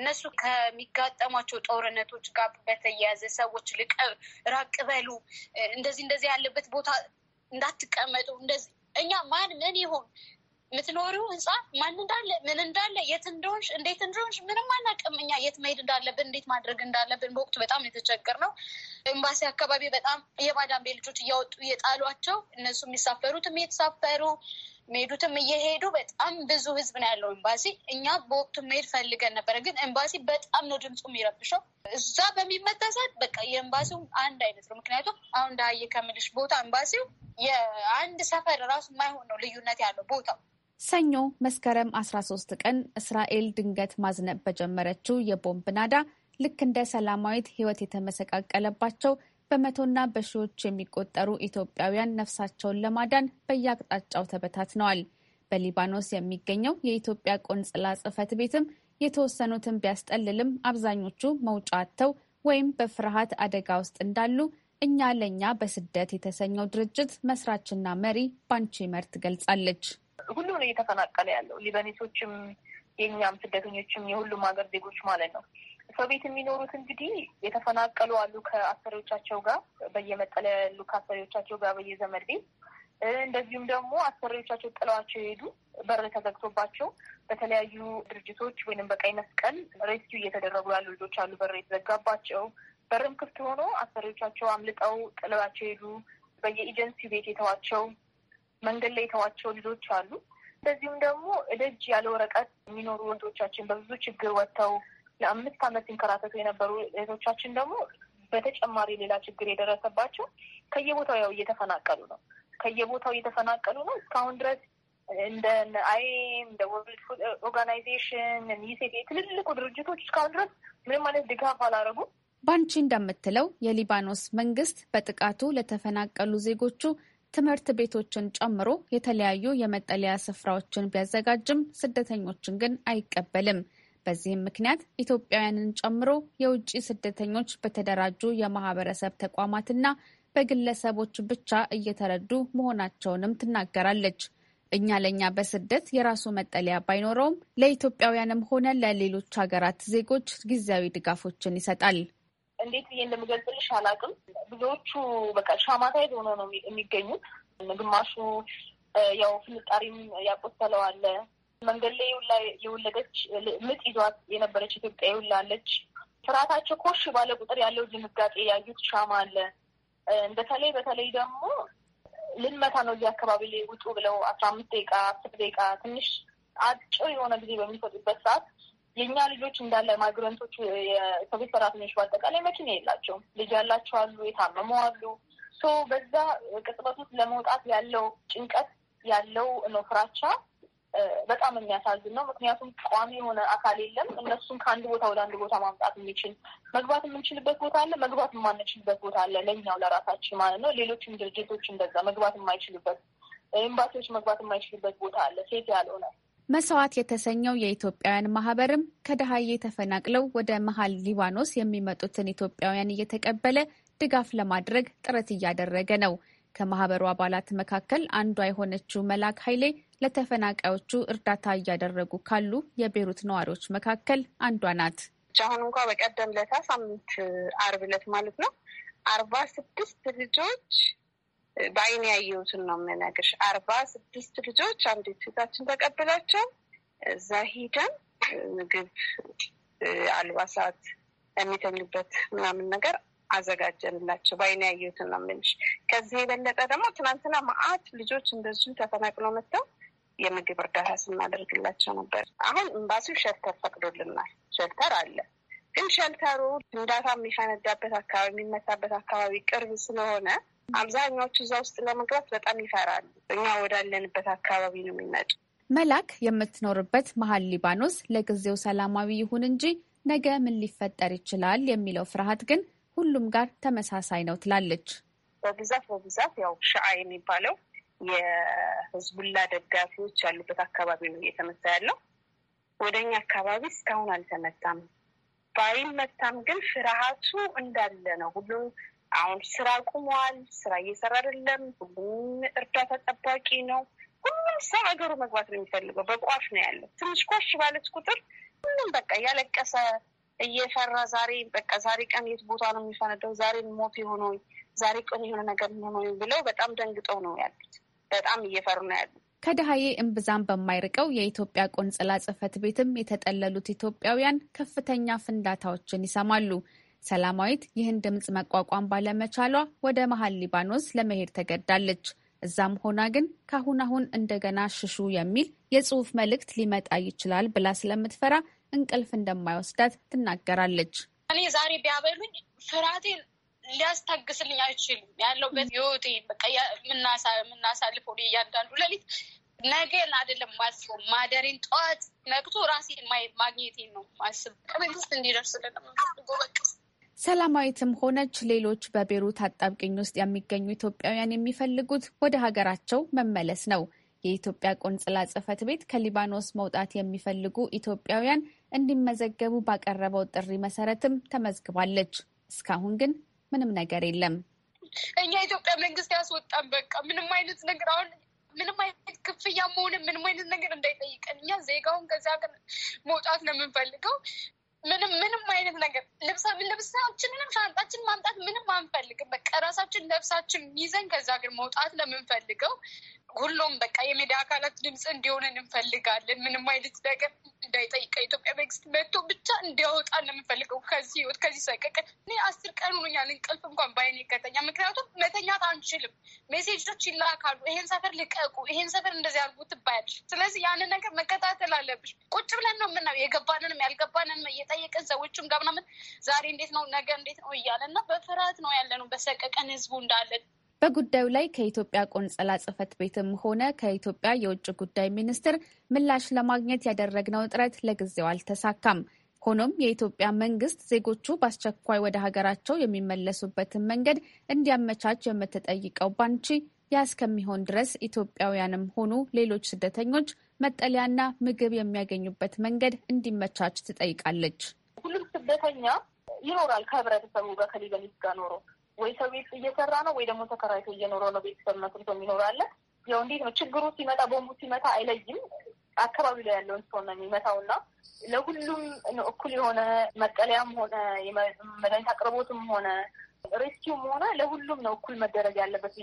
እነሱ ከሚጋጠሟቸው ጦርነቶች ጋር በተያያዘ ሰዎች ልቀ ራቅ በሉ እንደዚህ እንደዚህ ያለበት ቦታ እንዳትቀመጡ እንደዚህ እኛ ማን ምን ይሆን የምትኖሪው ህንፃ ማን እንዳለ ምን እንዳለ የት እንደሆንሽ እንዴት እንደሆንሽ ምንም አናውቅም። እኛ የት መሄድ እንዳለብን እንዴት ማድረግ እንዳለብን በወቅቱ በጣም የተቸገር ነው። ኤምባሲ አካባቢ በጣም የባዳንቤ ልጆች እያወጡ እየጣሏቸው እነሱ የሚሳፈሩትም እየተሳፈሩ የሚሄዱትም እየሄዱ በጣም ብዙ ህዝብ ነው ያለው ኤምባሲ። እኛ በወቅቱ መሄድ ፈልገን ነበረ፣ ግን ኤምባሲ በጣም ነው ድምፁ የሚረብሸው። እዛ በሚመተሰት በቃ የኤምባሲው አንድ አይነት ነው። ምክንያቱም አሁን እንዳየ ከምልሽ ቦታ ኤምባሲው የአንድ ሰፈር ራሱ የማይሆን ነው ልዩነት ያለው ቦታው ሰኞ መስከረም 13 ቀን እስራኤል ድንገት ማዝነብ በጀመረችው የቦምብ ናዳ ልክ እንደ ሰላማዊት ሕይወት የተመሰቃቀለባቸው በመቶና በሺዎች የሚቆጠሩ ኢትዮጵያውያን ነፍሳቸውን ለማዳን በየአቅጣጫው ተበታትነዋል። በሊባኖስ የሚገኘው የኢትዮጵያ ቆንጽላ ጽሕፈት ቤትም የተወሰኑትን ቢያስጠልልም አብዛኞቹ መውጫ አጥተው ወይም በፍርሃት አደጋ ውስጥ እንዳሉ እኛ ለእኛ በስደት የተሰኘው ድርጅት መስራችና መሪ ባንቺ መር ትገልጻለች። ሁሉም ነው እየተፈናቀለ ያለው። ሊበኔሶችም፣ የእኛም ስደተኞችም የሁሉም ሀገር ዜጎች ማለት ነው። ሰው ቤት የሚኖሩት እንግዲህ የተፈናቀሉ አሉ ከአሰሪዎቻቸው ጋር በየመጠለያ ያሉ ከአሰሪዎቻቸው ጋር በየዘመድ ቤት እንደዚሁም ደግሞ አሰሪዎቻቸው ጥለዋቸው የሄዱ በር ተዘግቶባቸው በተለያዩ ድርጅቶች ወይም በቀይ መስቀል ሬስኪው እየተደረጉ ያሉ ልጆች አሉ። በር የተዘጋባቸው በርም ክፍት ሆኖ አሰሪዎቻቸው አምልጠው ጥለዋቸው የሄዱ በየኤጀንሲ ቤት የተዋቸው መንገድ ላይ የተዋቸው ልጆች አሉ። እንደዚሁም ደግሞ እደጅ ያለ ወረቀት የሚኖሩ እህቶቻችን በብዙ ችግር ወጥተው ለአምስት ዓመት ሲንከራተቱ የነበሩ እህቶቻችን ደግሞ በተጨማሪ ሌላ ችግር የደረሰባቸው ከየቦታው ያው እየተፈናቀሉ ነው። ከየቦታው እየተፈናቀሉ ነው። እስካሁን ድረስ እንደ አይኤም እንደ ወርልድ ፉድ ኦርጋናይዜሽን ዩሴፍ ትልልቁ ድርጅቶች እስካሁን ድረስ ምንም አይነት ድጋፍ አላረጉ ባንቺ እንደምትለው የሊባኖስ መንግስት በጥቃቱ ለተፈናቀሉ ዜጎቹ ትምህርት ቤቶችን ጨምሮ የተለያዩ የመጠለያ ስፍራዎችን ቢያዘጋጅም ስደተኞችን ግን አይቀበልም። በዚህም ምክንያት ኢትዮጵያውያንን ጨምሮ የውጭ ስደተኞች በተደራጁ የማህበረሰብ ተቋማትና በግለሰቦች ብቻ እየተረዱ መሆናቸውንም ትናገራለች። እኛ ለእኛ በስደት የራሱ መጠለያ ባይኖረውም ለኢትዮጵያውያንም ሆነ ለሌሎች ሀገራት ዜጎች ጊዜያዊ ድጋፎችን ይሰጣል። እንዴት ብዬ እንደምገልጽልሽ አላውቅም። ብዙዎቹ በቃ ሻማታይዝ ሆኖ ነው የሚገኙት። ግማሹ ያው ፍንጣሪም ያቆሰለው አለ። መንገድ ላይ ውላ የወለደች ምጥ ይዟት የነበረች ኢትዮጵያ ይውላለች። ፍርሃታቸው ኮሽ ባለ ቁጥር ያለው ድንጋጤ ያዩት ሻማ አለ። በተለይ በተለይ ደግሞ ልንመታ ነው እዚህ አካባቢ ላይ ውጡ ብለው አስራ አምስት ደቂቃ አስር ደቂቃ ትንሽ አጭር የሆነ ጊዜ በሚሰጡበት ሰዓት የእኛ ልጆች እንዳለ ማይግረንቶች የሰቤት ሰራተኞች በአጠቃላይ መኪና የላቸውም። ልጅ ያላቸው አሉ፣ የታመሙ አሉ። ሶ በዛ ቅጽበት ውስጥ ለመውጣት ያለው ጭንቀት ያለው ነው ፍራቻ በጣም የሚያሳዝን ነው። ምክንያቱም ቋሚ የሆነ አካል የለም። እነሱን ከአንድ ቦታ ወደ አንድ ቦታ ማምጣት የሚችል መግባት የምንችልበት ቦታ አለ፣ መግባት የማንችልበት ቦታ አለ። ለእኛው ለራሳችን ማለት ነው። ሌሎችም ድርጅቶች እንደዛ መግባት የማይችሉበት ኤምባሲዎች መግባት የማይችሉበት ቦታ አለ። ሴት ያልሆነ መስዋዕት የተሰኘው የኢትዮጵያውያን ማህበርም ከደሀዬ ተፈናቅለው ወደ መሀል ሊባኖስ የሚመጡትን ኢትዮጵያውያን እየተቀበለ ድጋፍ ለማድረግ ጥረት እያደረገ ነው። ከማህበሩ አባላት መካከል አንዷ የሆነችው መላክ ኃይሌ ለተፈናቃዮቹ እርዳታ እያደረጉ ካሉ የቤሩት ነዋሪዎች መካከል አንዷ ናት። አሁን እንኳ በቀደም ለታ ሳምንት አርብ ዕለት ማለት ነው አርባ ስድስት ልጆች በአይን ያየሁትን ነው የምነግርሽ። አርባ ስድስት ልጆች አንዲት እህታችን ተቀብላቸው እዛ ሂደን ምግብ፣ አልባሳት፣ የሚተኙበት ምናምን ነገር አዘጋጀንላቸው። በአይን ያየሁትን ነው የምልሽ። ከዚህ የበለጠ ደግሞ ትናንትና ማአት ልጆች እንደዚሁ ተፈናቅሎ መጥተው የምግብ እርዳታ ስናደርግላቸው ነበር። አሁን ኤምባሲው ሸልተር ፈቅዶልናል። ሸልተር አለ። ግን ሸልተሩ ፍንዳታ የሚፈነዳበት አካባቢ፣ የሚመታበት አካባቢ ቅርብ ስለሆነ አብዛኛዎቹ እዛ ውስጥ ለመግባት በጣም ይፈራሉ። እኛ ወዳለንበት አካባቢ ነው የሚመጡ። መላክ የምትኖርበት መሀል ሊባኖስ ለጊዜው ሰላማዊ ይሁን እንጂ ነገ ምን ሊፈጠር ይችላል የሚለው ፍርሃት ግን ሁሉም ጋር ተመሳሳይ ነው ትላለች። በብዛት በብዛት ያው ሻአ የሚባለው የህዝቡላ ደጋፊዎች ያሉበት አካባቢ ነው እየተመታ ያለው። ወደ እኛ አካባቢ እስካሁን አልተመታም። ባይመታም ግን ፍርሃቱ እንዳለ ነው። ሁሉም አሁን ስራ ቁሟል። ስራ እየሰራ አይደለም። ሁሉም እርዳታ ጠባቂ ነው። ሁሉም ሰው አገሩ መግባት ነው የሚፈልገው። በቋፍ ነው ያለው። ትንሽ ኮሽ ባለች ቁጥር ሁሉም በቃ እያለቀሰ እየፈራ ዛሬ በቃ ዛሬ ቀን የት ቦታ ነው የሚፈነደው፣ ዛሬ ሞት የሆነ ዛሬ ቀን የሆነ ነገር ሆነ ብለው በጣም ደንግጠው ነው ያሉት። በጣም እየፈሩ ነው ያሉት። ከደሀዬ እምብዛም በማይርቀው የኢትዮጵያ ቆንጽላ ጽህፈት ቤትም የተጠለሉት ኢትዮጵያውያን ከፍተኛ ፍንዳታዎችን ይሰማሉ። ሰላማዊት ይህን ድምፅ መቋቋም ባለመቻሏ ወደ መሀል ሊባኖስ ለመሄድ ተገዳለች። እዛም ሆና ግን ካሁን አሁን እንደገና ሽሹ የሚል የጽሁፍ መልእክት ሊመጣ ይችላል ብላ ስለምትፈራ እንቅልፍ እንደማይወስዳት ትናገራለች። እኔ ዛሬ ቢያበሉኝ ፍርሃቴን ሊያስታግስልኝ አይችልም። ያለውበት ህይወቴ የምናሳልፈው እያንዳንዱ ሌሊት ነገን አይደለም ማስበው ማደሬን ጠዋት ነግቶ ራሴን ማግኘቴን ነው ማስብ መንግስት እንዲደርስልን ነው ሰላማዊትም ሆነች ሌሎች በቤሩት አጣብቅኝ ውስጥ የሚገኙ ኢትዮጵያውያን የሚፈልጉት ወደ ሀገራቸው መመለስ ነው። የኢትዮጵያ ቆንጽላ ጽህፈት ቤት ከሊባኖስ መውጣት የሚፈልጉ ኢትዮጵያውያን እንዲመዘገቡ ባቀረበው ጥሪ መሰረትም ተመዝግባለች። እስካሁን ግን ምንም ነገር የለም። እኛ ኢትዮጵያ መንግስት ያስወጣን በቃ ምንም አይነት ነገር አሁን ምንም አይነት ክፍያ መሆን ምንም አይነት ነገር እንዳይጠይቀን እኛ ዜጋውን ከዚ ሀገር መውጣት ነው የምንፈልገው። ምንም ምንም አይነት ነገር ልብሳ ልብሳችንንም ሻንጣችን ማምጣት ምንም አንፈልግም። በቃ ራሳችን ለብሳችን ይዘን ከዛ ሀገር መውጣት ለምንፈልገው ሁሉም በቃ የሚዲያ አካላት ድምፅ እንዲሆነን እንፈልጋለን። ምንም አይነት ነገር እንዳይጠይቀ ኢትዮጵያ መንግስት መጥቶ ብቻ እንዲያወጣ እንደምንፈልገው ከዚህ ህይወት ከዚህ ሰቀቀ። እኔ አስር ቀን ሆኖኛል እንቅልፍ እንኳን ባይን ከተኛ። ምክንያቱም መተኛት አንችልም። ሜሴጆች ይላካሉ። ይሄን ሰፈር ልቀቁ፣ ይሄን ሰፈር እንደዚህ አድርጉ ትባያለሽ። ስለዚህ ያንን ነገር መከታተል አለብሽ። ቁጭ ብለን ነው የምናየው የገባንንም ያልገባንንም እየጠየቅን ሰዎችም ጋር ምናምን ዛሬ እንዴት ነው ነገር እንዴት ነው እያለ እና በፍርሃት ነው ያለ ነው በሰቀቀን ህዝቡ እንዳለን በጉዳዩ ላይ ከኢትዮጵያ ቆንጸላ ጽፈት ቤትም ሆነ ከኢትዮጵያ የውጭ ጉዳይ ሚኒስትር ምላሽ ለማግኘት ያደረግነው ጥረት ለጊዜው አልተሳካም። ሆኖም የኢትዮጵያ መንግስት ዜጎቹ በአስቸኳይ ወደ ሀገራቸው የሚመለሱበትን መንገድ እንዲያመቻች የምትጠይቀው ባንቺ ያ እስከሚሆን ድረስ ኢትዮጵያውያንም ሆኑ ሌሎች ስደተኞች መጠለያና ምግብ የሚያገኙበት መንገድ እንዲመቻች ትጠይቃለች። ሁሉም ስደተኛ ይኖራል ከህብረተሰቡ በከሌ በሚስጋ ኖሮ ወይ ሰው ቤት እየሰራ ነው ወይ ደግሞ ተከራይቶ እየኖረ ነው። ቤተሰብ መስርቶ የሚኖር አለ። ያው እንዴት ነው ችግሩ ሲመጣ ቦምቡ ሲመጣ አይለይም። አካባቢ ላይ ያለውን ሰው ነው የሚመታው እና ለሁሉም እኩል የሆነ መጠለያም ሆነ መድኃኒት አቅርቦትም ሆነ ሬስኪውም ሆነ ለሁሉም ነው እኩል መደረግ ያለበት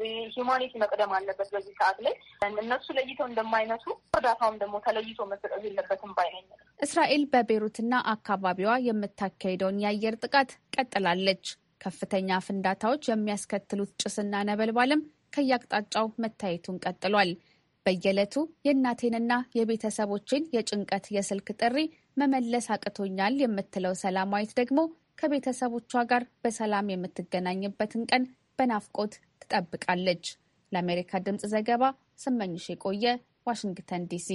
ብዬ ሂማኒቲ መቅደም አለበት በዚህ ሰዓት ላይ እነሱ ለይተው እንደማይመቱ እርዳታውም ደግሞ ተለይቶ መሰጠት የለበትም ባይነኝ። እስራኤል በቤሩትና አካባቢዋ የምታካሄደውን የአየር ጥቃት ቀጥላለች። ከፍተኛ ፍንዳታዎች የሚያስከትሉት ጭስና ነበልባልም ከየአቅጣጫው መታየቱን ቀጥሏል። በየዕለቱ የእናቴንና የቤተሰቦችን የጭንቀት የስልክ ጥሪ መመለስ አቅቶኛል የምትለው ሰላማዊት ደግሞ ከቤተሰቦቿ ጋር በሰላም የምትገናኝበትን ቀን በናፍቆት ትጠብቃለች። ለአሜሪካ ድምፅ ዘገባ ስመኝሽ የቆየ ዋሽንግተን ዲሲ።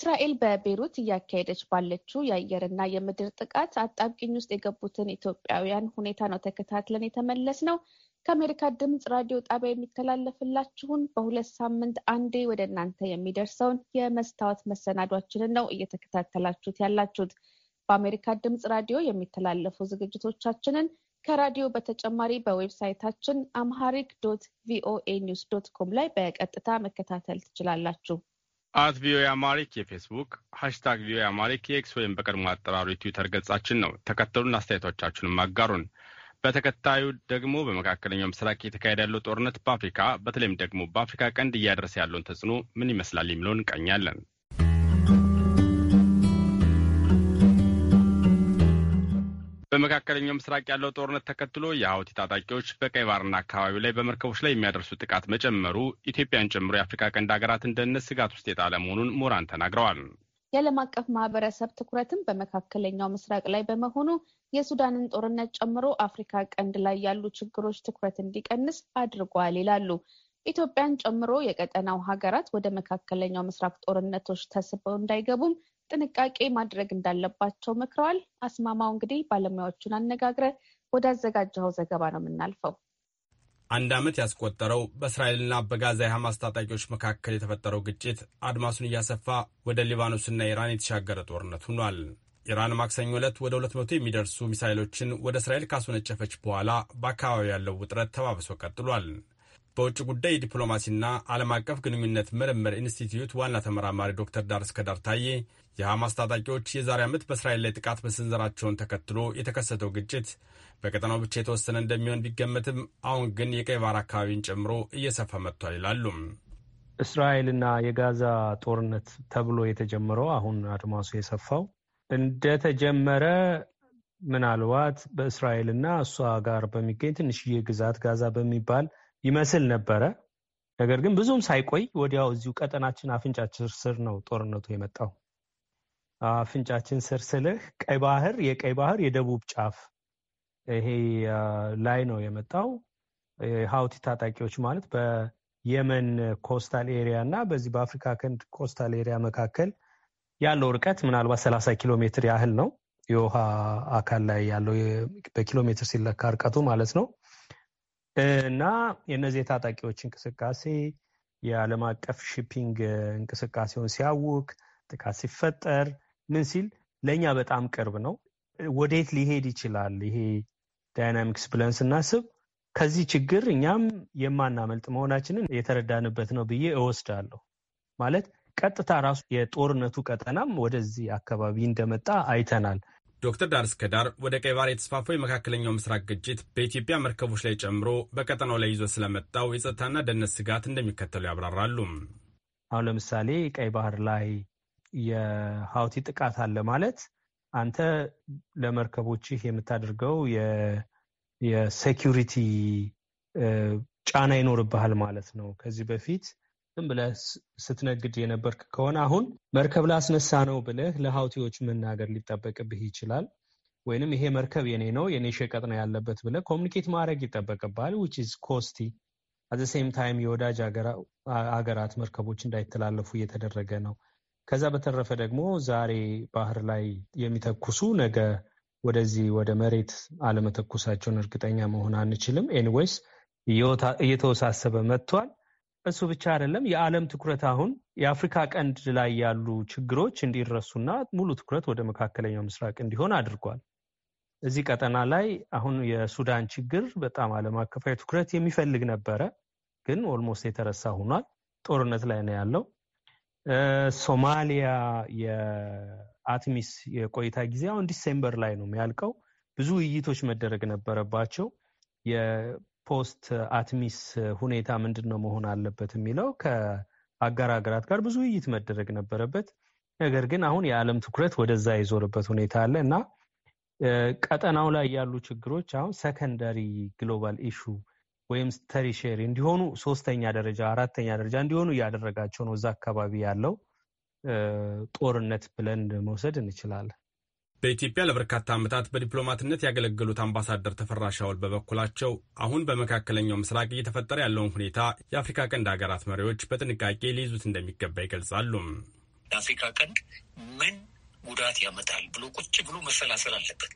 እስራኤል በቤሩት እያካሄደች ባለችው የአየርና የምድር ጥቃት አጣብቂኝ ውስጥ የገቡትን ኢትዮጵያውያን ሁኔታ ነው ተከታትለን የተመለስ ነው። ከአሜሪካ ድምፅ ራዲዮ ጣቢያ የሚተላለፍላችሁን በሁለት ሳምንት አንዴ ወደ እናንተ የሚደርሰውን የመስታወት መሰናዷችንን ነው እየተከታተላችሁት ያላችሁት። በአሜሪካ ድምፅ ራዲዮ የሚተላለፉ ዝግጅቶቻችንን ከራዲዮ በተጨማሪ በዌብሳይታችን አምሃሪክ ዶት ቪኦኤ ኒውስ ዶት ኮም ላይ በቀጥታ መከታተል ትችላላችሁ። አት ቪኦኤ አማሪክ የፌስቡክ ሀሽታግ ቪኦኤ አማሪክ የኤክስ ወይም በቀድሞ አጠራሩ የትዊተር ገጻችን ነው። ተከተሉን፣ አስተያየቶቻችሁንም አጋሩን። በተከታዩ ደግሞ በመካከለኛው ምስራቅ የተካሄደ ያለው ጦርነት በአፍሪካ በተለይም ደግሞ በአፍሪካ ቀንድ እያደረሰ ያለውን ተጽዕኖ ምን ይመስላል የሚለውን እንቃኛለን። በመካከለኛው ምስራቅ ያለው ጦርነት ተከትሎ የሀውቲ ታጣቂዎች በቀይ ባርና አካባቢው ላይ በመርከቦች ላይ የሚያደርሱ ጥቃት መጨመሩ ኢትዮጵያን ጨምሮ የአፍሪካ ቀንድ ሀገራትን ደህንነት ስጋት ውስጥ የጣለ መሆኑን ምሁራን ተናግረዋል። የዓለም አቀፍ ማህበረሰብ ትኩረትም በመካከለኛው ምስራቅ ላይ በመሆኑ የሱዳንን ጦርነት ጨምሮ አፍሪካ ቀንድ ላይ ያሉ ችግሮች ትኩረት እንዲቀንስ አድርጓል ይላሉ። ኢትዮጵያን ጨምሮ የቀጠናው ሀገራት ወደ መካከለኛው ምስራቅ ጦርነቶች ተስበው እንዳይገቡም ጥንቃቄ ማድረግ እንዳለባቸው መክረዋል። አስማማው እንግዲህ ባለሙያዎቹን አነጋግረ ወዳዘጋጀኸው ዘገባ ነው የምናልፈው። አንድ ዓመት ያስቆጠረው በእስራኤልና በጋዛ የሐማስ ታጣቂዎች መካከል የተፈጠረው ግጭት አድማሱን እያሰፋ ወደ ሊባኖስና ኢራን የተሻገረ ጦርነት ሆኗል። ኢራን ማክሰኞ ዕለት ወደ 200 የሚደርሱ ሚሳይሎችን ወደ እስራኤል ካስወነጨፈች በኋላ በአካባቢው ያለው ውጥረት ተባብሶ ቀጥሏል። በውጭ ጉዳይ ዲፕሎማሲና ዓለም አቀፍ ግንኙነት ምርምር ኢንስቲትዩት ዋና ተመራማሪ ዶክተር ዳርስ ከዳር ታዬ የሐማስ ታጣቂዎች የዛሬ ዓመት በእስራኤል ላይ ጥቃት መሰንዘራቸውን ተከትሎ የተከሰተው ግጭት በቀጠናው ብቻ የተወሰነ እንደሚሆን ቢገመትም አሁን ግን የቀይ ባህር አካባቢን ጨምሮ እየሰፋ መጥቷል ይላሉም። እስራኤልና የጋዛ ጦርነት ተብሎ የተጀመረው አሁን አድማሱ የሰፋው እንደተጀመረ ምናልባት በእስራኤልና እሷ ጋር በሚገኝ ትንሽዬ ግዛት ጋዛ በሚባል ይመስል ነበረ። ነገር ግን ብዙም ሳይቆይ ወዲያው እዚሁ ቀጠናችን አፍንጫችን ስር ነው ጦርነቱ የመጣው። አፍንጫችን ስር ስልህ ቀይ ባህር የቀይ ባህር የደቡብ ጫፍ ይሄ ላይ ነው የመጣው። የሀውቲ ታጣቂዎች ማለት በየመን ኮስታል ኤሪያ እና በዚህ በአፍሪካ ቀንድ ኮስታል ኤሪያ መካከል ያለው ርቀት ምናልባት ሰላሳ ኪሎ ሜትር ያህል ነው። የውሃ አካል ላይ ያለው በኪሎ ሜትር ሲለካ ርቀቱ ማለት ነው። እና የእነዚህ የታጣቂዎች እንቅስቃሴ የዓለም አቀፍ ሺፒንግ እንቅስቃሴውን ሲያውክ፣ ጥቃት ሲፈጠር ምን ሲል ለእኛ በጣም ቅርብ ነው። ወዴት ሊሄድ ይችላል ይሄ ዳይናሚክስ ብለን ስናስብ ከዚህ ችግር እኛም የማናመልጥ መሆናችንን የተረዳንበት ነው ብዬ እወስዳለሁ። ማለት ቀጥታ ራሱ የጦርነቱ ቀጠናም ወደዚህ አካባቢ እንደመጣ አይተናል። ዶክተር ዳር እስከ ዳር ወደ ቀይ ባህር የተስፋፋው የመካከለኛው ምስራቅ ግጭት በኢትዮጵያ መርከቦች ላይ ጨምሮ በቀጠናው ላይ ይዞ ስለመጣው የጸጥታና ደህንነት ስጋት እንደሚከተሉ ያብራራሉ። አሁን ለምሳሌ ቀይ ባህር ላይ የሀውቲ ጥቃት አለ ማለት አንተ ለመርከቦችህ የምታደርገው የሴኪሪቲ ጫና ይኖርብሃል ማለት ነው። ከዚህ በፊት ዝም ብለህ ስትነግድ የነበርክ ከሆነ አሁን መርከብ ላስነሳ ነው ብለህ ለሀውቲዎች መናገር ሊጠበቅብህ ይችላል። ወይንም ይሄ መርከብ የኔ ነው የኔ ሸቀጥ ነው ያለበት ብለ ኮሚኒኬት ማድረግ ይጠበቅባል ዊች ኢዝ ኮስቲ አዘ ሴም ታይም የወዳጅ አገራት መርከቦች እንዳይተላለፉ እየተደረገ ነው። ከዛ በተረፈ ደግሞ ዛሬ ባህር ላይ የሚተኩሱ ነገ ወደዚህ ወደ መሬት አለመተኩሳቸውን እርግጠኛ መሆን አንችልም። ኤኒዌይስ እየተወሳሰበ መጥቷል። እሱ ብቻ አይደለም። የዓለም ትኩረት አሁን የአፍሪካ ቀንድ ላይ ያሉ ችግሮች እንዲረሱና ሙሉ ትኩረት ወደ መካከለኛው ምስራቅ እንዲሆን አድርጓል። እዚህ ቀጠና ላይ አሁን የሱዳን ችግር በጣም ዓለም አቀፋዊ ትኩረት የሚፈልግ ነበረ፣ ግን ኦልሞስት የተረሳ ሆኗል። ጦርነት ላይ ነው ያለው። ሶማሊያ የአትሚስ የቆይታ ጊዜ አሁን ዲሴምበር ላይ ነው የሚያልቀው። ብዙ ውይይቶች መደረግ ነበረባቸው። ፖስት አትሚስ ሁኔታ ምንድን ነው መሆን አለበት የሚለው ከአጋር ሀገራት ጋር ብዙ ውይይት መደረግ ነበረበት። ነገር ግን አሁን የዓለም ትኩረት ወደዛ የዞርበት ሁኔታ አለ እና ቀጠናው ላይ ያሉ ችግሮች አሁን ሰከንደሪ ግሎባል ኢሹ ወይም ተሪሼሪ እንዲሆኑ ሶስተኛ ደረጃ አራተኛ ደረጃ እንዲሆኑ እያደረጋቸው ነው። እዛ አካባቢ ያለው ጦርነት ብለን መውሰድ እንችላለን። በኢትዮጵያ ለበርካታ ዓመታት በዲፕሎማትነት ያገለገሉት አምባሳደር ተፈራ ሻውል በበኩላቸው አሁን በመካከለኛው ምስራቅ እየተፈጠረ ያለውን ሁኔታ የአፍሪካ ቀንድ ሀገራት መሪዎች በጥንቃቄ ሊይዙት እንደሚገባ ይገልጻሉ። የአፍሪካ ቀንድ ምን ጉዳት ያመጣል ብሎ ቁጭ ብሎ መሰላሰል አለበት።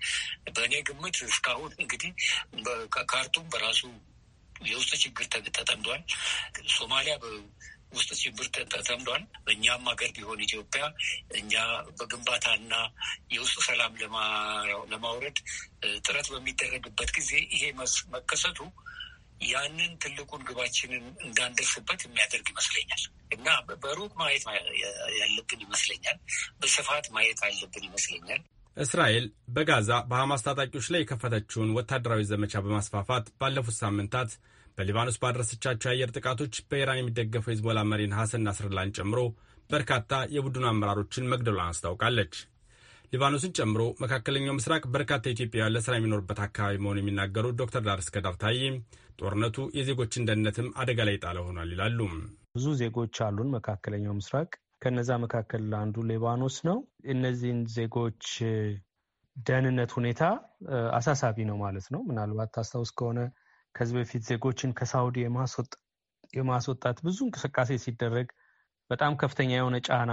በእኔ ግምት እስካሁን እንግዲህ ካርቱም በራሱ የውስጥ ችግር ተጠምዷል። ሶማሊያ ውስጥ ሽብር ተተምዷል። እኛም ሀገር ቢሆን ኢትዮጵያ እኛ በግንባታና የውስጥ ሰላም ለማውረድ ጥረት በሚደረግበት ጊዜ ይሄ መከሰቱ ያንን ትልቁን ግባችንን እንዳንደርስበት የሚያደርግ ይመስለኛል እና በሩቅ ማየት ያለብን ይመስለኛል። በስፋት ማየት አለብን ይመስለኛል። እስራኤል በጋዛ በሐማስ ታጣቂዎች ላይ የከፈተችውን ወታደራዊ ዘመቻ በማስፋፋት ባለፉት ሳምንታት በሊባኖስ ባደረሰቻቸው የአየር ጥቃቶች በኢራን የሚደገፈው ሂዝቦላ መሪን ሐሰን ናስርላን ጨምሮ በርካታ የቡድኑ አመራሮችን መግደሏን አስታውቃለች። ሊባኖስን ጨምሮ መካከለኛው ምስራቅ በርካታ ኢትዮጵያውያን ለስራ የሚኖርበት አካባቢ መሆኑ የሚናገሩት ዶክተር ዳር እስከዳር ታዬ ጦርነቱ የዜጎችን ደህንነትም አደጋ ላይ ጣለ ሆኗል ይላሉ። ብዙ ዜጎች አሉን መካከለኛው ምስራቅ ከነዛ መካከል አንዱ ሊባኖስ ነው። እነዚህን ዜጎች ደህንነት ሁኔታ አሳሳቢ ነው ማለት ነው። ምናልባት ታስታውስ ከሆነ ከዚህ በፊት ዜጎችን ከሳውዲ የማስወጣት ብዙ እንቅስቃሴ ሲደረግ በጣም ከፍተኛ የሆነ ጫና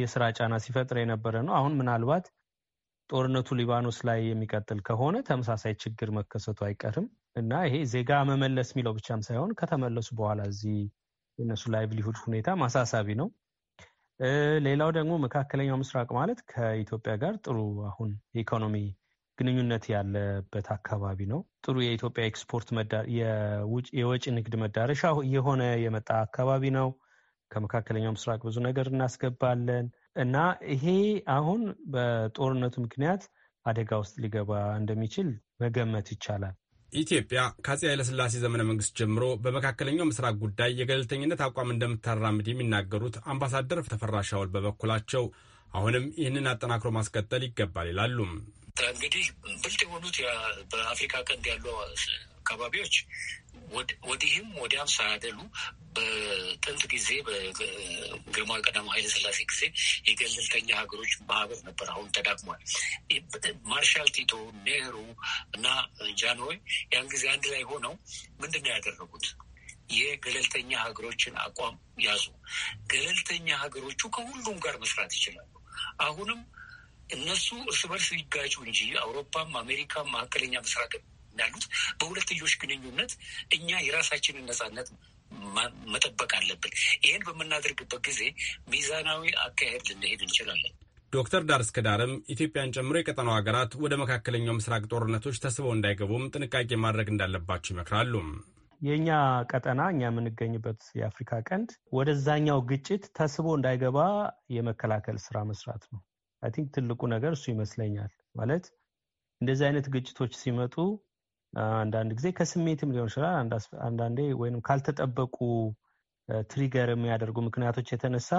የስራ ጫና ሲፈጥር የነበረ ነው። አሁን ምናልባት ጦርነቱ ሊባኖስ ላይ የሚቀጥል ከሆነ ተመሳሳይ ችግር መከሰቱ አይቀርም እና ይሄ ዜጋ መመለስ የሚለው ብቻም ሳይሆን ከተመለሱ በኋላ እዚህ የነሱ ላይቭሊሁድ ሁኔታ ማሳሳቢ ነው። ሌላው ደግሞ መካከለኛው ምስራቅ ማለት ከኢትዮጵያ ጋር ጥሩ አሁን የኢኮኖሚ ግንኙነት ያለበት አካባቢ ነው። ጥሩ የኢትዮጵያ ኤክስፖርት የወጪ ንግድ መዳረሻ የሆነ የመጣ አካባቢ ነው። ከመካከለኛው ምስራቅ ብዙ ነገር እናስገባለን እና ይሄ አሁን በጦርነቱ ምክንያት አደጋ ውስጥ ሊገባ እንደሚችል መገመት ይቻላል። ኢትዮጵያ ከአጼ ኃይለሥላሴ ዘመነ መንግስት ጀምሮ በመካከለኛው ምስራቅ ጉዳይ የገለልተኝነት አቋም እንደምታራምድ የሚናገሩት አምባሳደር ተፈራ ሻውል በበኩላቸው አሁንም ይህንን አጠናክሮ ማስቀጠል ይገባል ይላሉም። እንግዲህ ብልጥ የሆኑት በአፍሪካ ቀንድ ያሉ አካባቢዎች ወዲህም ወዲያም ሳያደሉ በጥንት ጊዜ በግርማዊ ቀዳማዊ ኃይለ ሥላሴ ጊዜ የገለልተኛ ሀገሮች ማህበር ነበር። አሁን ተዳክሟል። ማርሻል ቲቶ፣ ኔህሩ እና ጃንሆይ ያን ጊዜ አንድ ላይ ሆነው ምንድን ነው ያደረጉት? የገለልተኛ ሀገሮችን አቋም ያዙ። ገለልተኛ ሀገሮቹ ከሁሉም ጋር መስራት ይችላሉ። አሁንም እነሱ እርስ በርስ ይጋጩ እንጂ አውሮፓም፣ አሜሪካም መካከለኛ ምስራቅ ያሉት በሁለትዮሽ ግንኙነት እኛ የራሳችንን ነጻነት መጠበቅ አለብን። ይህን በምናደርግበት ጊዜ ሚዛናዊ አካሄድ ልንሄድ እንችላለን። ዶክተር ዳር እስከ ዳርም ኢትዮጵያን ጨምሮ የቀጠናው ሀገራት ወደ መካከለኛው ምስራቅ ጦርነቶች ተስበው እንዳይገቡም ጥንቃቄ ማድረግ እንዳለባቸው ይመክራሉ። የእኛ ቀጠና እኛ የምንገኝበት የአፍሪካ ቀንድ ወደዛኛው ግጭት ተስቦ እንዳይገባ የመከላከል ስራ መስራት ነው። አይ ቲንክ ትልቁ ነገር እሱ ይመስለኛል። ማለት እንደዚህ አይነት ግጭቶች ሲመጡ አንዳንድ ጊዜ ከስሜትም ሊሆን ይችላል። አንዳንዴ ወይም ካልተጠበቁ ትሪገር የሚያደርጉ ምክንያቶች የተነሳ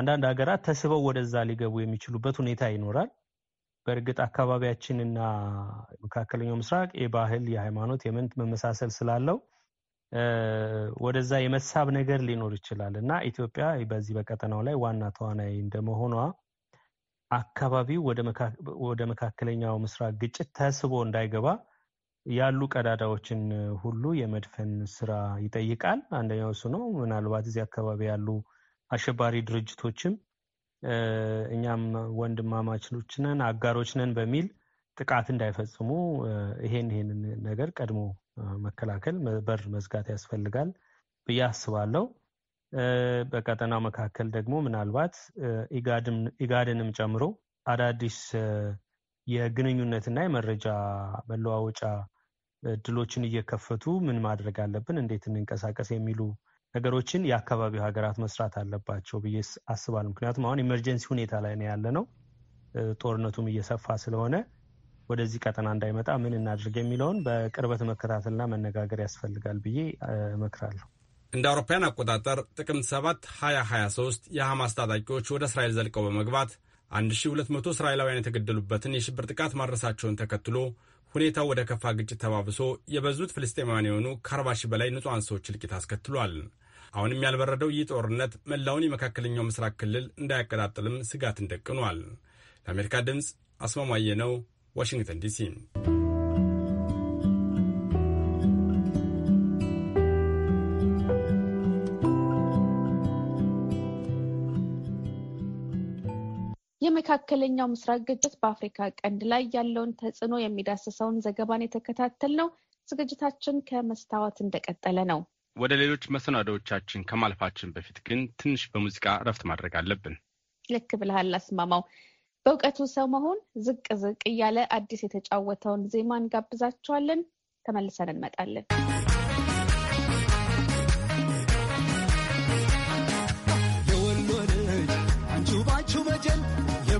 አንዳንድ ሀገራት ተስበው ወደዛ ሊገቡ የሚችሉበት ሁኔታ ይኖራል። በእርግጥ አካባቢያችንና መካከለኛው ምስራቅ የባህል፣ የሃይማኖት፣ የምን መመሳሰል ስላለው ወደዛ የመሳብ ነገር ሊኖር ይችላል እና ኢትዮጵያ በዚህ በቀጠናው ላይ ዋና ተዋናይ እንደመሆኗ አካባቢው ወደ መካከለኛው ምስራቅ ግጭት ተስቦ እንዳይገባ ያሉ ቀዳዳዎችን ሁሉ የመድፈን ስራ ይጠይቃል። አንደኛው እሱ ነው። ምናልባት እዚህ አካባቢ ያሉ አሸባሪ ድርጅቶችም እኛም ወንድማማችሎች ነን፣ አጋሮች ነን በሚል ጥቃት እንዳይፈጽሙ ይሄን ይሄንን ነገር ቀድሞ መከላከል በር መዝጋት ያስፈልጋል ብዬ አስባለሁ። በቀጠናው መካከል ደግሞ ምናልባት ኢጋድንም ጨምሮ አዳዲስ የግንኙነትና የመረጃ መለዋወጫ እድሎችን እየከፈቱ ምን ማድረግ አለብን፣ እንዴት እንንቀሳቀስ የሚሉ ነገሮችን የአካባቢው ሀገራት መስራት አለባቸው ብዬ አስባለሁ። ምክንያቱም አሁን ኢመርጀንሲ ሁኔታ ላይ ነው ያለ ነው። ጦርነቱም እየሰፋ ስለሆነ ወደዚህ ቀጠና እንዳይመጣ ምን እናድርግ የሚለውን በቅርበት መከታተልና መነጋገር ያስፈልጋል ብዬ እመክራለሁ። እንደ አውሮፓውያን አቆጣጠር ጥቅምት 7 2023 የሐማስ ታጣቂዎች ወደ እስራኤል ዘልቀው በመግባት 1200 እስራኤላውያን የተገደሉበትን የሽብር ጥቃት ማድረሳቸውን ተከትሎ ሁኔታው ወደ ከፋ ግጭት ተባብሶ የበዙት ፍልስጤማውያን የሆኑ ከ40 ሺህ በላይ ንጹሐን ሰዎች እልቂት አስከትሏል። አሁንም ያልበረደው ይህ ጦርነት መላውን የመካከለኛው ምስራቅ ክልል እንዳያቀጣጥልም ስጋትን ደቅኗል። ለአሜሪካ ድምፅ አስማማየ ነው፣ ዋሽንግተን ዲሲ የመካከለኛው ምስራቅ ግጭት በአፍሪካ ቀንድ ላይ ያለውን ተጽዕኖ የሚዳስሰውን ዘገባን የተከታተል ነው። ዝግጅታችን ከመስታወት እንደቀጠለ ነው። ወደ ሌሎች መሰናዶዎቻችን ከማለፋችን በፊት ግን ትንሽ በሙዚቃ እረፍት ማድረግ አለብን። ልክ ብለሃል አስማማው። በእውቀቱ ሰው መሆን ዝቅ ዝቅ እያለ አዲስ የተጫወተውን ዜማ እንጋብዛቸዋለን። ተመልሰን እንመጣለን።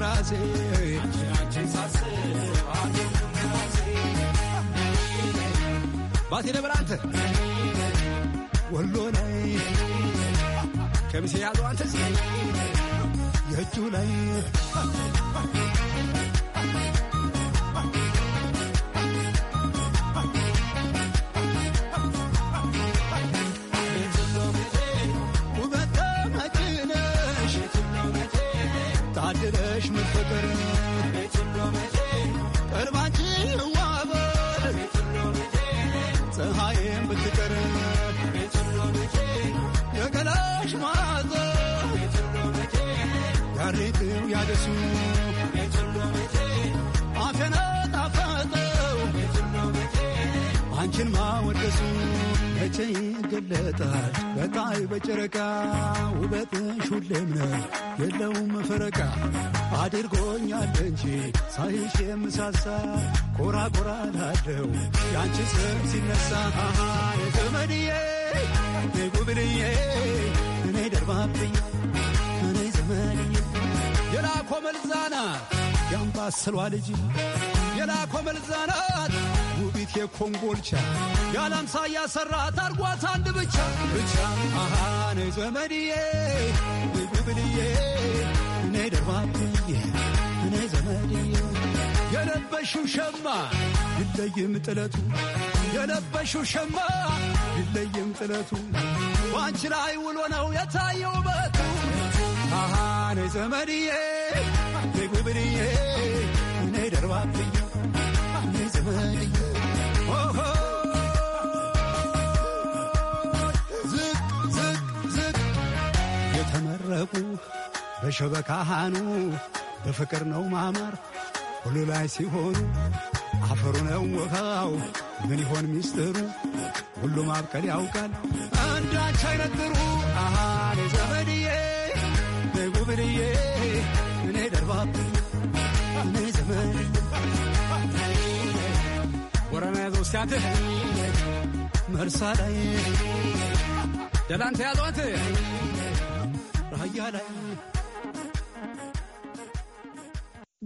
ከራሴ ባቴ ወሎ ላይ ከሚሴ ያለው አንተ የእጁ ላይ ሞገሱ መቼ ይገለጣል በጣይ በጨረቃ ውበትሽ ሁሌም ነው የለውም ፈረቃ አድርጎኛል እንጂ ሳይሽ የምሳሳ ኮራ ኮራ ላለው ያንቺ ስም ሲነሳ የዘመድዬ እኔ ጉብልዬ እኔ ደርባብኝ እኔ ዘመድዬ የላኮ መልዛናት የአምባሰሏ ልጅ የላኮ መልዛናት ፊት የኮንጎልቻ ያላምሳ ያሰራ ታርጓት አንድ ብቻ ብቻ አሃነ ዘመድዬ ብብልዬ እኔ ደርባብዬ እኔ ዘመድዬ የለበሹ ሸማ ይለይም ጥለቱ የለበሹ ሸማ ይለይም ጥለቱ ባንቺ ላይ ውሎ ነው የታየው በቱ አሃነ ዘመድዬ ብብልዬ እኔ ደርባብዬ እኔ ዘመድዬ በሸበካ ሃኑ በፍቅር ነው ማማር ሁሉ ላይ ሲሆኑ አፈሩ ነው ወፋው ምን ይሆን ሚስጥሩ ሁሉ ማብቀል ያውቃል አንዳች አይነግሩ! ጥሩ አሃኔ ዘመድዬ ጉብድዬ እኔ ደርባብ እኔ ዘመድ ወረና ያዘው ሲያት መርሳ ላይ ደላንተ ያዟት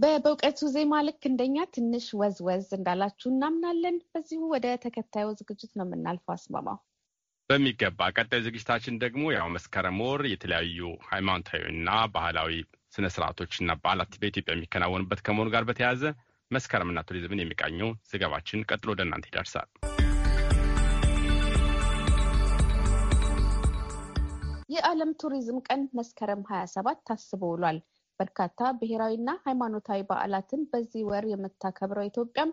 በበውቀቱ ዜማ ልክ እንደኛ ትንሽ ወዝ ወዝ እንዳላችሁ እናምናለን። በዚሁ ወደ ተከታዩ ዝግጅት ነው የምናልፈው። አስማማው በሚገባ ቀጣይ ዝግጅታችን ደግሞ ያው መስከረም ወር የተለያዩ ሃይማኖታዊና ባህላዊ ስነስርዓቶችና በዓላት በኢትዮጵያ የሚከናወኑበት ከመሆኑ ጋር በተያያዘ መስከረምና ቱሪዝምን የሚቃኘው ዘገባችን ቀጥሎ ወደ እናንተ ይደርሳል። የዓለም ቱሪዝም ቀን መስከረም 27 ታስቦ ውሏል። በርካታ ብሔራዊና ሃይማኖታዊ በዓላትን በዚህ ወር የምታከብረው ኢትዮጵያም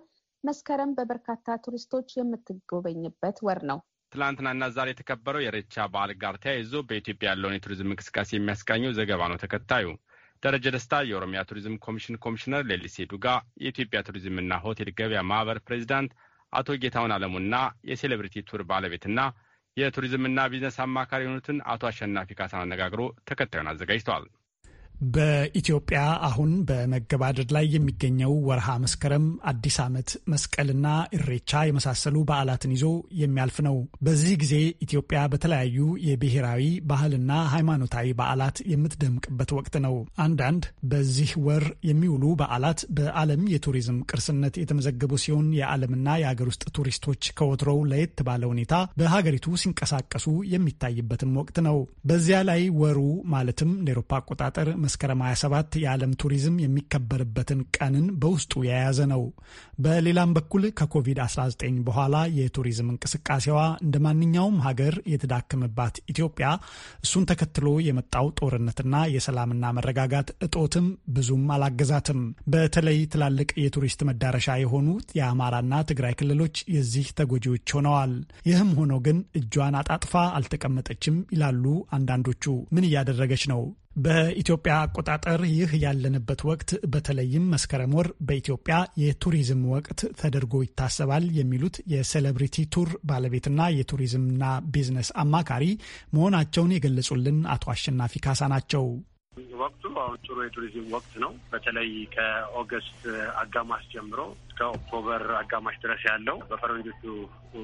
መስከረም በበርካታ ቱሪስቶች የምትጎበኝበት ወር ነው። ትላንትናና ዛሬ የተከበረው የሬቻ በዓል ጋር ተያይዞ በኢትዮጵያ ያለውን የቱሪዝም እንቅስቃሴ የሚያስቃኘው ዘገባ ነው ተከታዩ። ደረጀ ደስታ የኦሮሚያ ቱሪዝም ኮሚሽን ኮሚሽነር ሌሊሴ ዱጋ፣ የኢትዮጵያ ቱሪዝምና ሆቴል ገበያ ማህበር ፕሬዚዳንት አቶ ጌታሁን አለሙና የሴሌብሪቲ ቱር ባለቤትና የቱሪዝምና ቢዝነስ አማካሪ የሆኑትን አቶ አሸናፊ ካሳን አነጋግሮ ተከታዩን አዘጋጅተዋል። በኢትዮጵያ አሁን በመገባደድ ላይ የሚገኘው ወርሃ መስከረም አዲስ ዓመት፣ መስቀልና እሬቻ የመሳሰሉ በዓላትን ይዞ የሚያልፍ ነው። በዚህ ጊዜ ኢትዮጵያ በተለያዩ የብሔራዊ ባህልና ሃይማኖታዊ በዓላት የምትደምቅበት ወቅት ነው። አንዳንድ በዚህ ወር የሚውሉ በዓላት በዓለም የቱሪዝም ቅርስነት የተመዘገቡ ሲሆን የዓለምና የአገር ውስጥ ቱሪስቶች ከወትሮው ለየት ባለ ሁኔታ በሀገሪቱ ሲንቀሳቀሱ የሚታይበትም ወቅት ነው። በዚያ ላይ ወሩ ማለትም እንደ ኤሮፓ አቆጣጠር መስከረም 27 የዓለም ቱሪዝም የሚከበርበትን ቀንን በውስጡ የያዘ ነው። በሌላም በኩል ከኮቪድ-19 በኋላ የቱሪዝም እንቅስቃሴዋ እንደ ማንኛውም ሀገር የተዳከመባት ኢትዮጵያ እሱን ተከትሎ የመጣው ጦርነትና የሰላምና መረጋጋት እጦትም ብዙም አላገዛትም። በተለይ ትላልቅ የቱሪስት መዳረሻ የሆኑት የአማራና ትግራይ ክልሎች የዚህ ተጎጂዎች ሆነዋል። ይህም ሆኖ ግን እጇን አጣጥፋ አልተቀመጠችም ይላሉ አንዳንዶቹ። ምን እያደረገች ነው? በኢትዮጵያ አቆጣጠር ይህ ያለንበት ወቅት በተለይም መስከረም ወር በኢትዮጵያ የቱሪዝም ወቅት ተደርጎ ይታሰባል የሚሉት የሴሌብሪቲ ቱር ባለቤትና የቱሪዝምና ቢዝነስ አማካሪ መሆናቸውን የገለጹልን አቶ አሸናፊ ካሳ ናቸው። ወቅቱ አሁን ጥሩ የቱሪዝም ወቅት ነው። በተለይ ከኦገስት አጋማሽ ጀምሮ ኦክቶበር አጋማሽ ድረስ ያለው በፈረንጆቹ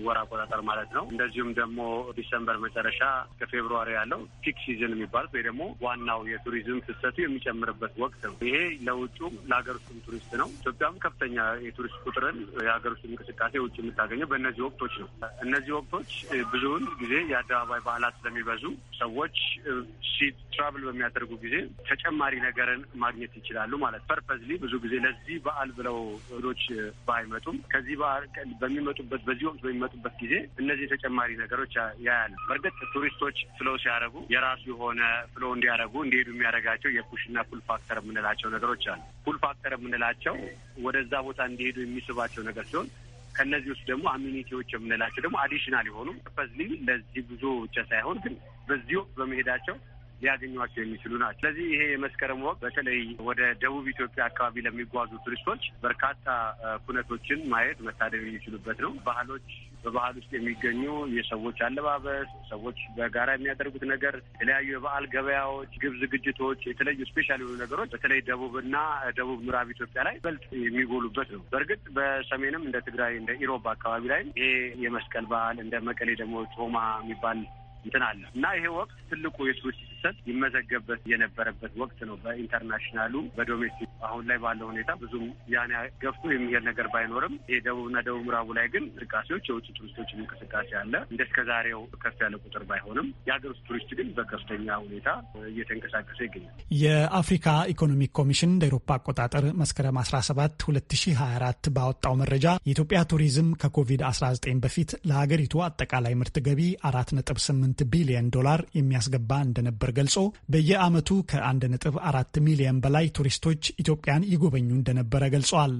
ወር አቆጣጠር ማለት ነው። እንደዚሁም ደግሞ ዲሰምበር መጨረሻ ከፌብሩዋሪ ያለው ፒክ ሲዝን የሚባሉት ወይ ደግሞ ዋናው የቱሪዝም ፍሰቱ የሚጨምርበት ወቅት ነው። ይሄ ለውጩ ለሀገር ውስጥም ቱሪስት ነው። ኢትዮጵያም ከፍተኛ የቱሪስት ቁጥርን የሀገር ውስጥ እንቅስቃሴ ውጭ የምታገኘው በእነዚህ ወቅቶች ነው። እነዚህ ወቅቶች ብዙውን ጊዜ የአደባባይ ባህላት ስለሚበዙ ሰዎች ሲትራቭል በሚያደርጉ ጊዜ ተጨማሪ ነገርን ማግኘት ይችላሉ ማለት ፐርፐዝሊ ብዙ ጊዜ ለዚህ በዓል ብለው ዶች ባይመጡም ከዚህ በሚመጡበት በዚህ ወቅት በሚመጡበት ጊዜ እነዚህ ተጨማሪ ነገሮች ያያል። በእርግጥ ቱሪስቶች ፍለው ሲያደረጉ የራሱ የሆነ ፍለው እንዲያደረጉ እንዲሄዱ የሚያደርጋቸው የፑሽና ፑል ፋክተር የምንላቸው ነገሮች አሉ። ፑል ፋክተር የምንላቸው ወደዛ ቦታ እንዲሄዱ የሚስባቸው ነገር ሲሆን ከእነዚህ ውስጥ ደግሞ አሚኒቲዎች የምንላቸው ደግሞ አዲሽናል የሆኑ ፐዝሊ ለዚህ ጉዞ ብቻ ሳይሆን ግን በዚህ ወቅት በመሄዳቸው ሊያገኟቸው የሚችሉ ናቸው። ስለዚህ ይሄ የመስከረም ወቅት በተለይ ወደ ደቡብ ኢትዮጵያ አካባቢ ለሚጓዙ ቱሪስቶች በርካታ ኩነቶችን ማየት መታደብ የሚችሉበት ነው። ባህሎች በባህል ውስጥ የሚገኙ የሰዎች አለባበስ፣ ሰዎች በጋራ የሚያደርጉት ነገር፣ የተለያዩ የበዓል ገበያዎች፣ ግብ ዝግጅቶች፣ የተለያዩ ስፔሻል የሆኑ ነገሮች በተለይ ደቡብና ደቡብ ምዕራብ ኢትዮጵያ ላይ በልጥ የሚጎሉበት ነው። በእርግጥ በሰሜንም እንደ ትግራይ እንደ ኢሮብ አካባቢ ላይ ይሄ የመስቀል በዓል እንደ መቀሌ ደግሞ ጮማ የሚባል እንትን አለ እና ይሄ ወቅት ትልቁ የቱሪስት ፍሰት ይመዘገብበት የነበረበት ወቅት ነው። በኢንተርናሽናሉ በዶሜስቲክ አሁን ላይ ባለው ሁኔታ ብዙም ያን ገፍቶ የሚሄድ ነገር ባይኖርም ይሄ ደቡብና ደቡብ ምዕራቡ ላይ ግን እንቅስቃሴዎች የውጭ ቱሪስቶች እንቅስቃሴ አለ። እንደ ዛሬው ከፍ ያለ ቁጥር ባይሆንም የሀገር ውስጥ ቱሪስት ግን በከፍተኛ ሁኔታ እየተንቀሳቀሰ ይገኛል። የአፍሪካ ኢኮኖሚክ ኮሚሽን እንደ ኤሮፓ አቆጣጠር መስከረም 17 2024 ባወጣው መረጃ የኢትዮጵያ ቱሪዝም ከኮቪድ-19 በፊት ለሀገሪቱ አጠቃላይ ምርት ገቢ 4.8 1.8 ቢሊዮን ዶላር የሚያስገባ እንደነበር ገልጾ በየዓመቱ ከ1.4 ሚሊዮን በላይ ቱሪስቶች ኢትዮጵያን ይጎበኙ እንደነበረ ገልጸዋል።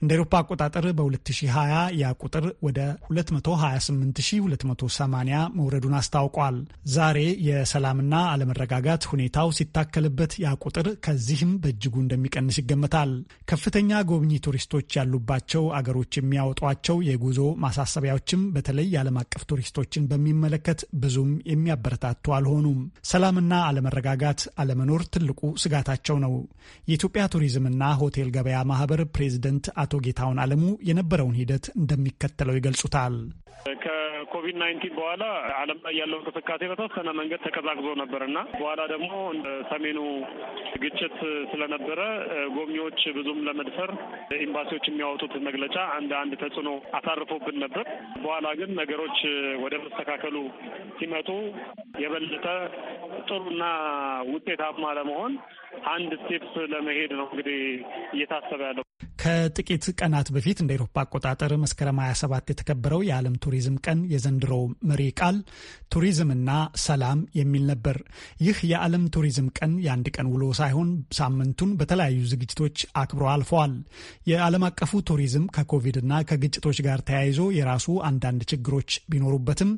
እንደ ኤሮፓ አቆጣጠር በ2020 ያ ቁጥር ወደ 228280 መውረዱን አስታውቋል። ዛሬ የሰላምና አለመረጋጋት ሁኔታው ሲታከልበት ያ ቁጥር ከዚህም በእጅጉ እንደሚቀንስ ይገመታል። ከፍተኛ ጎብኚ ቱሪስቶች ያሉባቸው አገሮች የሚያወጧቸው የጉዞ ማሳሰቢያዎችም በተለይ የዓለም አቀፍ ቱሪስቶችን በሚመለከት ብዙም የሚያበረታቱ አልሆኑም። ሰላምና አለመረጋጋት አለመኖር ትልቁ ስጋታቸው ነው። የኢትዮጵያ ቱሪዝምና ሆቴል ገበያ ማህበር ፕሬዚደንት አቶ ጌታሁን አለሙ የነበረውን ሂደት እንደሚከተለው ይገልጹታል። ከኮቪድ ናይንቲን በኋላ ዓለም ላይ ያለው እንቅስቃሴ በተወሰነ መንገድ ተቀዛቅዞ ነበር እና በኋላ ደግሞ ሰሜኑ ግጭት ስለነበረ ጎብኚዎች ብዙም ለመድፈር ኤምባሲዎች የሚያወጡት መግለጫ አንድ አንድ ተጽዕኖ አሳርፎብን ነበር። በኋላ ግን ነገሮች ወደ መስተካከሉ ሲመጡ የበለጠ ጥሩና ውጤታማ ለመሆን አንድ ስቴፕ ለመሄድ ነው እንግዲህ እየታሰበ ያለው። ከጥቂት ቀናት በፊት እንደ ኤሮፓ አቆጣጠር መስከረም 27 የተከበረው የዓለም ቱሪዝም ቀን የዘንድሮ መሪ ቃል ቱሪዝምና ሰላም የሚል ነበር። ይህ የዓለም ቱሪዝም ቀን የአንድ ቀን ውሎ ሳይሆን ሳምንቱን በተለያዩ ዝግጅቶች አክብሮ አልፈዋል። የዓለም አቀፉ ቱሪዝም ከኮቪድና ከግጭቶች ጋር ተያይዞ የራሱ አንዳንድ ችግሮች ቢኖሩበትም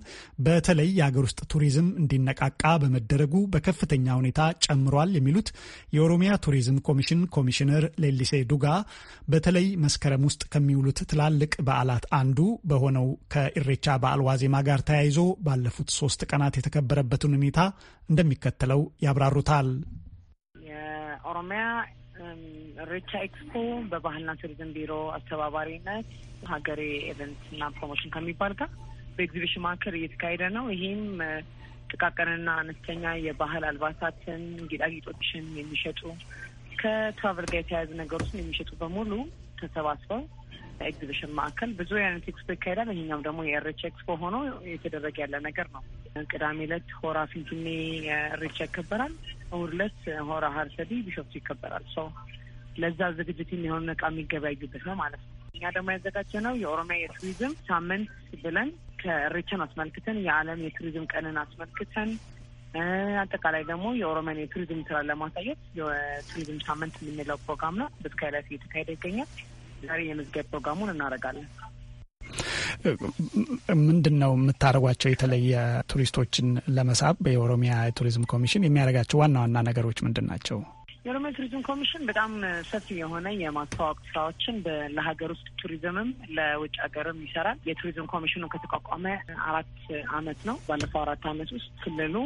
በተለይ የአገር ውስጥ ቱሪዝም እንዲነቃቃ በመደረጉ በከፍተኛ ሁኔታ ጨምሯል የሚሉት የኦሮሚያ ቱሪዝም ኮሚሽን ኮሚሽነር ሌሊሴ ዱጋ በተለይ መስከረም ውስጥ ከሚውሉት ትላልቅ በዓላት አንዱ በሆነው ከኢሬቻ በዓል ዋዜማ ጋር ተያይዞ ባለፉት ሶስት ቀናት የተከበረበትን ሁኔታ እንደሚከተለው ያብራሩታል። የኦሮሚያ ኢሬቻ ኤክስፖ በባህልና ቱሪዝም ቢሮ አስተባባሪነት ሀገሬ ኤቨንትና ፕሮሞሽን ከሚባል ጋር በኤግዚቢሽን ማዕከል እየተካሄደ ነው። ይህም ጥቃቅንና አነስተኛ የባህል አልባሳትን፣ ጌጣጌጦችን የሚሸጡ ከትራቨል ጋር የተያያዙ ነገሮችን የሚሸጡ በሙሉ ተሰባስበው ኤግዚቢሽን ማዕከል ብዙ አይነት ኤክስፖ ይካሄዳል። ይሄኛው ደግሞ የእሬቻ ኤክስፖ ሆኖ የተደረገ ያለ ነገር ነው። ቅዳሜ ዕለት ሆራ ፊንፊኔ እሬቻ ይከበራል። እሑድ ዕለት ሆራ ሀርሰዲ ቢሾፍቱ ይከበራል። ሰው ለዛ ዝግጅት የሚሆን እቃ የሚገበያዩበት ነው ማለት ነው። እኛ ደግሞ ያዘጋጀነው የኦሮሚያ የቱሪዝም ሳምንት ብለን ከእሬቻን አስመልክተን የዓለም የቱሪዝም ቀንን አስመልክተን አጠቃላይ ደግሞ የኦሮሚያን የቱሪዝም ስራ ለማሳየት የቱሪዝም ሳምንት የምንለው ፕሮግራም ነው። በስካይ እየተካሄደ ይገኛል። ዛሬ የመዝጊያ ፕሮግራሙን እናደርጋለን። ምንድን ነው የምታደርጓቸው የተለየ ቱሪስቶችን ለመሳብ የኦሮሚያ የቱሪዝም ኮሚሽን የሚያደርጋቸው ዋና ዋና ነገሮች ምንድን ናቸው? የኦሮሚያ ቱሪዝም ኮሚሽን በጣም ሰፊ የሆነ የማስተዋወቅ ስራዎችን ለሀገር ውስጥ ቱሪዝምም ለውጭ ሀገርም ይሰራል። የቱሪዝም ኮሚሽኑ ከተቋቋመ አራት አመት ነው። ባለፈው አራት አመት ውስጥ ክልሉ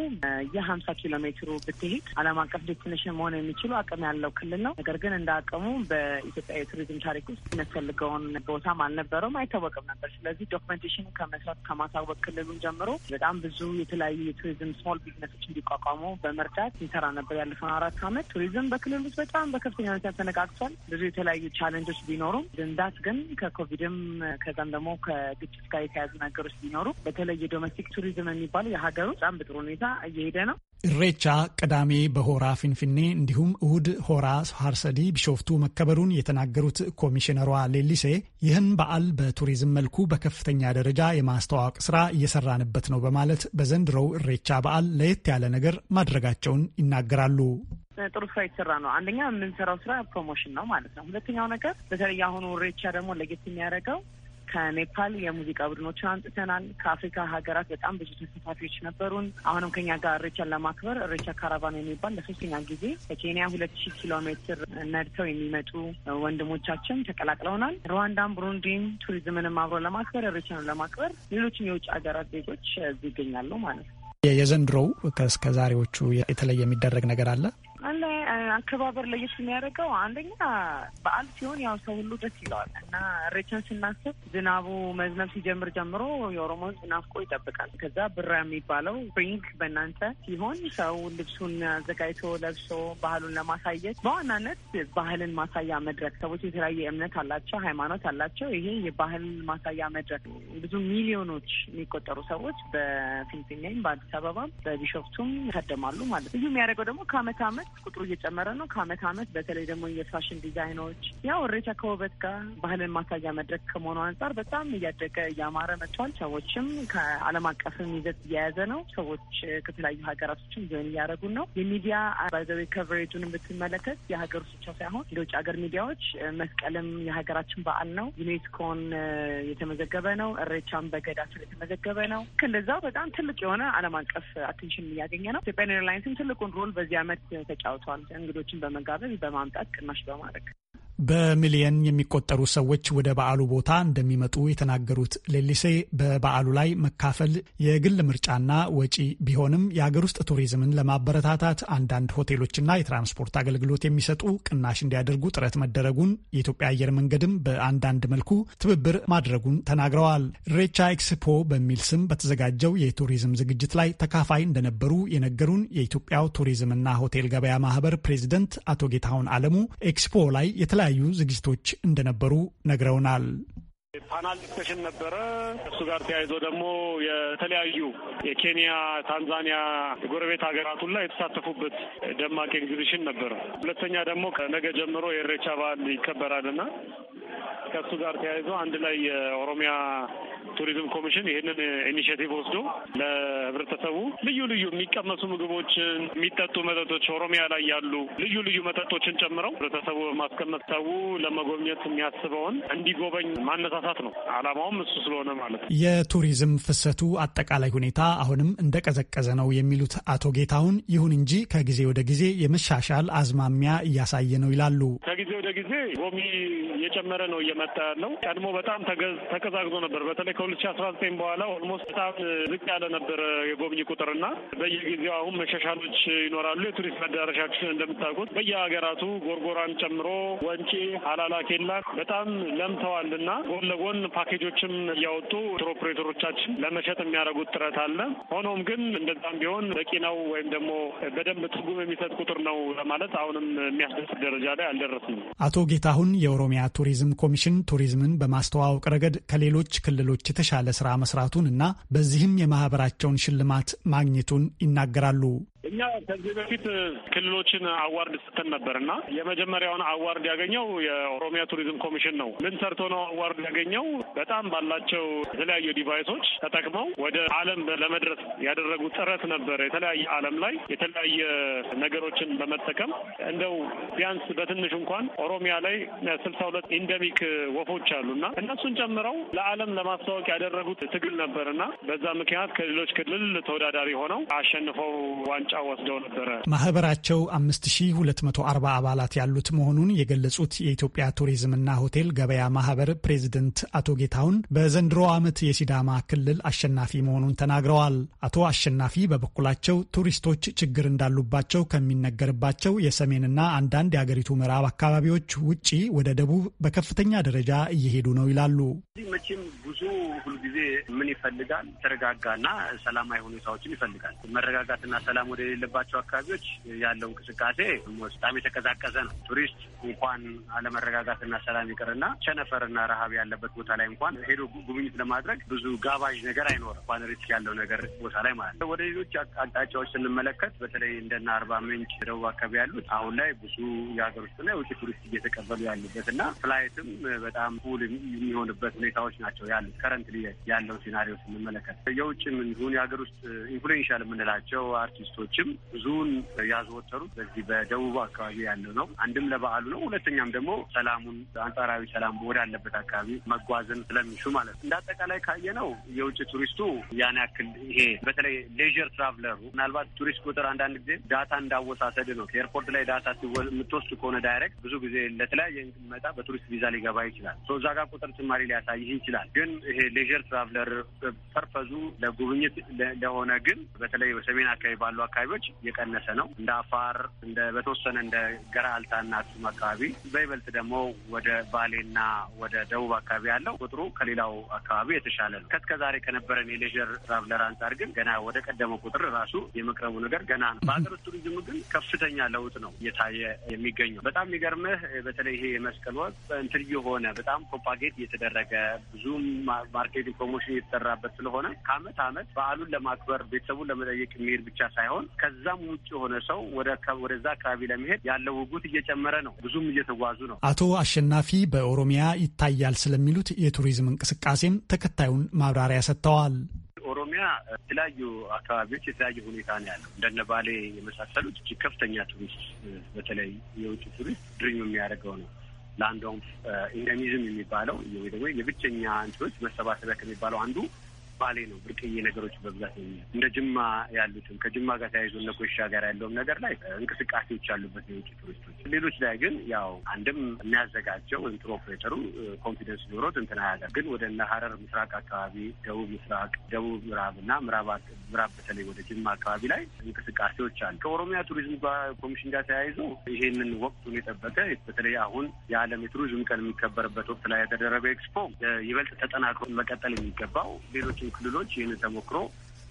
የሀምሳ ኪሎ ሜትሩ ብትሄድ ዓለም አቀፍ ዴስቲኔሽን መሆን የሚችሉ አቅም ያለው ክልል ነው። ነገር ግን እንደ አቅሙ በኢትዮጵያ የቱሪዝም ታሪክ ውስጥ የሚያስፈልገውን ቦታም አልነበረውም፣ አይታወቅም ነበር። ስለዚህ ዶክመንቴሽን ከመስራት ከማሳወቅ ክልሉን ጀምሮ በጣም ብዙ የተለያዩ የቱሪዝም ስሞል ቢዝነሶች እንዲቋቋሙ በመርዳት ይሰራ ነበር ያለፈውን አራት አመት ቱሪዝም በክልል ውስጥ በጣም በከፍተኛ ሁኔታ ተነቃቅቷል። ብዙ የተለያዩ ቻለንጆች ቢኖሩም ድንዳት ግን ከኮቪድም ከዛም ደግሞ ከግጭት ጋር የተያዙ ነገሮች ቢኖሩ በተለይ የዶሜስቲክ ቱሪዝም የሚባለው የሀገሩ በጣም በጥሩ ሁኔታ እየሄደ ነው። እሬቻ ቅዳሜ በሆራ ፊንፊኔ እንዲሁም እሁድ ሆራ ሀርሰዲ ቢሾፍቱ መከበሩን የተናገሩት ኮሚሽነሯ ሌሊሴ ይህን በዓል በቱሪዝም መልኩ በከፍተኛ ደረጃ የማስተዋወቅ ስራ እየሰራንበት ነው በማለት በዘንድሮው እሬቻ በዓል ለየት ያለ ነገር ማድረጋቸውን ይናገራሉ። ጥሩ ስራ የተሰራ ነው። አንደኛ የምንሰራው ስራ ፕሮሞሽን ነው ማለት ነው። ሁለተኛው ነገር በተለይ አሁኑ ሬቻ ደግሞ ለየት የሚያደርገው ከኔፓል የሙዚቃ ቡድኖችን አንጥተናል። ከአፍሪካ ሀገራት በጣም ብዙ ተሳታፊዎች ነበሩን። አሁንም ከኛ ጋር እሬቻን ለማክበር እሬቻ ካራቫን የሚባል ለሶስተኛ ጊዜ ከኬንያ ሁለት ሺህ ኪሎ ሜትር ነድተው የሚመጡ ወንድሞቻችን ተቀላቅለውናል። ሩዋንዳም፣ ብሩንዲም ቱሪዝምንም አብሮ ለማክበር እሬቻን ለማክበር ሌሎችም የውጭ ሀገራት ዜጎች እዚህ ይገኛሉ ማለት ነው። የዘንድሮው ከእስከ ዛሬዎቹ የተለየ የሚደረግ ነገር አለ? አለ አከባበር ለየት የሚያደርገው አንደኛ በዓል ሲሆን ያው ሰው ሁሉ ደስ ይለዋል እና እሬቻን ስናስብ ዝናቡ መዝነብ ሲጀምር ጀምሮ የኦሮሞ ሕዝብ ናፍቆ ይጠብቃል። ከዛ ብራ የሚባለው ስፕሪንግ በእናንተ ሲሆን ሰው ልብሱን አዘጋጅቶ ለብሶ ባህሉን ለማሳየት በዋናነት ባህልን ማሳያ መድረክ ሰዎች የተለያየ እምነት አላቸው፣ ሃይማኖት አላቸው። ይሄ የባህል ማሳያ መድረክ ብዙ ሚሊዮኖች የሚቆጠሩ ሰዎች በፊንፊኔም በአዲስ አበባም በቢሾፍቱም ይታደማሉ ማለት ነው። ልዩ የሚያደርገው ደግሞ ከአመት አመት ቁጥሩ እየጨመረ ነው ከአመት አመት። በተለይ ደግሞ የፋሽን ዲዛይኖች ያው እሬቻ ከውበት ጋር ባህልን ማሳያ መድረክ ከመሆኑ አንጻር በጣም እያደገ እያማረ መጥቷል። ሰዎችም ከአለም አቀፍም ይዘት እየያዘ ነው። ሰዎች ከተለያዩ ሀገራቶችም ዞን እያደረጉን ነው። የሚዲያ ባዘዊ ከቨሬጁን ብትመለከት የሀገር ውስጥ ብቻ ሳይሆን የውጭ ሀገር ሚዲያዎች መስቀልም የሀገራችን በዓል ነው። ዩኔስኮን የተመዘገበ ነው። እሬቻን ስር የተመዘገበ ነው። ከእንደዛው በጣም ትልቅ የሆነ አለም አቀፍ አቴንሽን እያገኘ ነው። ኢትዮጵያን ኤርላይንስም ትልቁን ሮል በዚህ አመት ተጫውተዋል። እንግዶችን በመጋበዝ በማምጣት ቅናሽ በማድረግ በሚሊየን የሚቆጠሩ ሰዎች ወደ በዓሉ ቦታ እንደሚመጡ የተናገሩት ሌሊሴ በበዓሉ ላይ መካፈል የግል ምርጫና ወጪ ቢሆንም የአገር ውስጥ ቱሪዝምን ለማበረታታት አንዳንድ ሆቴሎችና የትራንስፖርት አገልግሎት የሚሰጡ ቅናሽ እንዲያደርጉ ጥረት መደረጉን የኢትዮጵያ አየር መንገድም በአንዳንድ መልኩ ትብብር ማድረጉን ተናግረዋል። ሬቻ ኤክስፖ በሚል ስም በተዘጋጀው የቱሪዝም ዝግጅት ላይ ተካፋይ እንደነበሩ የነገሩን የኢትዮጵያው ቱሪዝምና ሆቴል ገበያ ማህበር ፕሬዚደንት አቶ ጌታሁን አለሙ ኤክስፖ ላይ የተለያዩ የተለያዩ ዝግጅቶች እንደነበሩ ነግረውናል። ፓናል ዲስከሽን ነበረ። እሱ ጋር ተያይዞ ደግሞ የተለያዩ የኬንያ፣ ታንዛኒያ የጎረቤት ሀገራት ሁላ የተሳተፉበት ደማቅ ኤግዚቢሽን ነበረ። ሁለተኛ ደግሞ ከነገ ጀምሮ የኢሬቻ በዓል ይከበራልና ከእሱ ጋር ተያይዞ አንድ ላይ የኦሮሚያ ቱሪዝም ኮሚሽን ይህንን ኢኒሽቲቭ ወስዶ ለህብረተሰቡ ልዩ ልዩ የሚቀመሱ ምግቦችን፣ የሚጠጡ መጠጦች ኦሮሚያ ላይ ያሉ ልዩ ልዩ መጠጦችን ጨምረው ህብረተሰቡ በማስቀመጥ ሰው ለመጎብኘት የሚያስበውን እንዲጎበኝ ማነሳሳት ለማንሳት ነው። አላማውም እሱ ስለሆነ ማለት ነው። የቱሪዝም ፍሰቱ አጠቃላይ ሁኔታ አሁንም እንደቀዘቀዘ ነው የሚሉት አቶ ጌታሁን፣ ይሁን እንጂ ከጊዜ ወደ ጊዜ የመሻሻል አዝማሚያ እያሳየ ነው ይላሉ። ከጊዜ ወደ ጊዜ ጎብኚ እየጨመረ ነው እየመጣ ያለው። ቀድሞ በጣም ተቀዛቅዞ ነበር። በተለይ ከሁለት ሺ አስራ ዘጠኝ በኋላ ኦልሞስት በጣም ዝቅ ያለ ነበረ የጎብኚ ቁጥርና በየጊዜው አሁን መሻሻሎች ይኖራሉ። የቱሪስት መዳረሻችን እንደምታውቁት በየሀገራቱ ጎርጎራን ጨምሮ ወንጪ፣ ሀላላ ኬላ በጣም ለምተዋልና ጎን ጎን ፓኬጆችም እያወጡ ቱር ኦፕሬተሮቻችን ለመሸጥ የሚያደርጉት ጥረት አለ። ሆኖም ግን እንደዛም ቢሆን በቂ ነው ወይም ደግሞ በደንብ ትርጉም የሚሰጥ ቁጥር ነው ለማለት አሁንም የሚያስደስት ደረጃ ላይ አልደረስም። አቶ ጌታሁን የኦሮሚያ ቱሪዝም ኮሚሽን ቱሪዝምን በማስተዋወቅ ረገድ ከሌሎች ክልሎች የተሻለ ስራ መስራቱን እና በዚህም የማህበራቸውን ሽልማት ማግኘቱን ይናገራሉ። እኛ ከዚህ በፊት ክልሎችን አዋርድ ስተን ነበር እና የመጀመሪያውን አዋርድ ያገኘው የኦሮሚያ ቱሪዝም ኮሚሽን ነው። ምን ሰርቶ ነው አዋርድ የተገኘው በጣም ባላቸው የተለያዩ ዲቫይሶች ተጠቅመው ወደ ዓለም ለመድረስ ያደረጉ ጥረት ነበር። የተለያየ ዓለም ላይ የተለያየ ነገሮችን በመጠቀም እንደው ቢያንስ በትንሹ እንኳን ኦሮሚያ ላይ ስልሳ ሁለት ኢንደሚክ ወፎች አሉ እና እነሱን ጨምረው ለዓለም ለማስታወቅ ያደረጉት ትግል ነበር እና በዛ ምክንያት ከሌሎች ክልል ተወዳዳሪ ሆነው አሸንፈው ዋንጫ ወስደው ነበረ። ማህበራቸው አምስት ሺ ሁለት መቶ አርባ አባላት ያሉት መሆኑን የገለጹት የኢትዮጵያ ቱሪዝምና ሆቴል ገበያ ማህበር ፕሬዚደንት ፕሬዝደንት አቶ ጌታሁን በዘንድሮ ዓመት የሲዳማ ክልል አሸናፊ መሆኑን ተናግረዋል። አቶ አሸናፊ በበኩላቸው ቱሪስቶች ችግር እንዳሉባቸው ከሚነገርባቸው የሰሜንና አንዳንድ የአገሪቱ ምዕራብ አካባቢዎች ውጪ ወደ ደቡብ በከፍተኛ ደረጃ እየሄዱ ነው ይላሉ። መቼም ብዙ ምን ይፈልጋል? የተረጋጋና ሰላማዊ ሁኔታዎችን ይፈልጋል። መረጋጋትና ሰላም ወደሌለባቸው አካባቢዎች ያለው እንቅስቃሴ በጣም የተቀዛቀዘ ነው። ቱሪስት እንኳን አለመረጋጋትና ሰላም ይቅርና ቸነፈርና ረሀብ ያለበት ቦታ ላይ እንኳን ሄዶ ጉብኝት ለማድረግ ብዙ ጋባዥ ነገር አይኖርም። እንኳን ሪስክ ያለው ነገር ቦታ ላይ ማለት ነው። ወደ ሌሎች አቅጣጫዎች ስንመለከት በተለይ እንደና አርባ ምንጭ ደቡብ አካባቢ ያሉት አሁን ላይ ብዙ የሀገር ውስጥና የውጭ ቱሪስት እየተቀበሉ ያሉበት እና ፍላይትም በጣም ሁል የሚሆንበት ሁኔታዎች ናቸው ያሉት ከረንት ያለ ያለው ሲናሪዮ ስንመለከት የውጭም እንዲሁን የሀገር ውስጥ ኢንፍሉዌንሻል የምንላቸው አርቲስቶችም ብዙውን ያዘወተሩት በዚህ በደቡብ አካባቢ ያለው ነው። አንድም ለበዓሉ ነው፣ ሁለተኛም ደግሞ ሰላሙን አንጻራዊ ሰላም ወዳለበት አካባቢ መጓዝን ስለሚሹ ማለት ነው። እንደ አጠቃላይ ካየነው የውጭ ቱሪስቱ ያን ያክል ይሄ በተለይ ሌዥር ትራቭለሩ ምናልባት ቱሪስት ቁጥር አንዳንድ ጊዜ ዳታ እንዳወሳሰድ ነው። ኤርፖርት ላይ ዳታ የምትወስድ ከሆነ ዳይሬክት ብዙ ጊዜ ለተለያየ መጣ በቱሪስት ቪዛ ሊገባ ይችላል። እዛ ጋር ቁጥር ጭማሪ ሊያሳይህ ይችላል። ግን ይሄ ሌዥር ትራቭለር ፐርፐዙ ለጉብኝት ለሆነ ግን በተለይ በሰሜን አካባቢ ባሉ አካባቢዎች የቀነሰ ነው። እንደ አፋር እንደ በተወሰነ እንደ ገራልታና ቱም አካባቢ በይበልጥ ደግሞ ወደ ባሌና ወደ ደቡብ አካባቢ ያለው ቁጥሩ ከሌላው አካባቢ የተሻለ ነው። ከስከዛሬ ከነበረን የሌዥር ትራቭለር አንጻር ግን ገና ወደ ቀደመው ቁጥር ራሱ የመቅረቡ ነገር ገና ነው። በሀገር ውስጥ ቱሪዝም ግን ከፍተኛ ለውጥ ነው እየታየ የሚገኘው። በጣም የሚገርምህ በተለይ ይሄ የመስቀል ወቅት እንትን የሆነ በጣም ፕሮፓጌት እየተደረገ ብዙም ማርኬቲንግ ፕሮሞሽን የተጠራበት ስለሆነ ከአመት አመት በዓሉን ለማክበር ቤተሰቡን ለመጠየቅ የሚሄድ ብቻ ሳይሆን ከዛም ውጭ የሆነ ሰው ወደዛ አካባቢ ለመሄድ ያለው ውጉት እየጨመረ ነው። ብዙም እየተጓዙ ነው። አቶ አሸናፊ በኦሮሚያ ይታያል ስለሚሉት የቱሪዝም እንቅስቃሴም ተከታዩን ማብራሪያ ሰጥተዋል። ኦሮሚያ የተለያዩ አካባቢዎች የተለያዩ ሁኔታ ነው ያለው። እንደነ ባሌ የመሳሰሉት ከፍተኛ ቱሪስት በተለይ የውጭ ቱሪስት ድሪም የሚያደርገው ነው ላንድ ኦፍ ኢንደሚዝም የሚባለው ወይ ደግሞ የብቸኛ እንትኖች መሰባሰቢያ ከሚባለው አንዱ ባሌ ነው ብርቅዬ ነገሮች በብዛት ነው። እንደ ጅማ ያሉትም ከጅማ ጋር ተያይዞ እነ ኮሻ ጋር ያለውም ነገር ላይ እንቅስቃሴዎች ያሉበት የውጭ ቱሪስቶች፣ ሌሎች ላይ ግን ያው አንድም የሚያዘጋጀው ወይም ቱር ኦፕሬተሩ ኮንፊደንስ ኖሮት እንትን አያደርግ ግን ወደ እነ ሀረር ምስራቅ አካባቢ፣ ደቡብ ምስራቅ፣ ደቡብ ምዕራብ እና ምዕራብ በተለይ ወደ ጅማ አካባቢ ላይ እንቅስቃሴዎች አሉ። ከኦሮሚያ ቱሪዝም ኮሚሽን ጋር ተያይዞ ይሄንን ወቅቱን የጠበቀ በተለይ አሁን የዓለም የቱሪዝም ቀን የሚከበርበት ወቅት ላይ የተደረገው ኤክስፖ ይበልጥ ተጠናክሮ መቀጠል የሚገባው ሌሎች ክልሎች ይህንን ተሞክሮ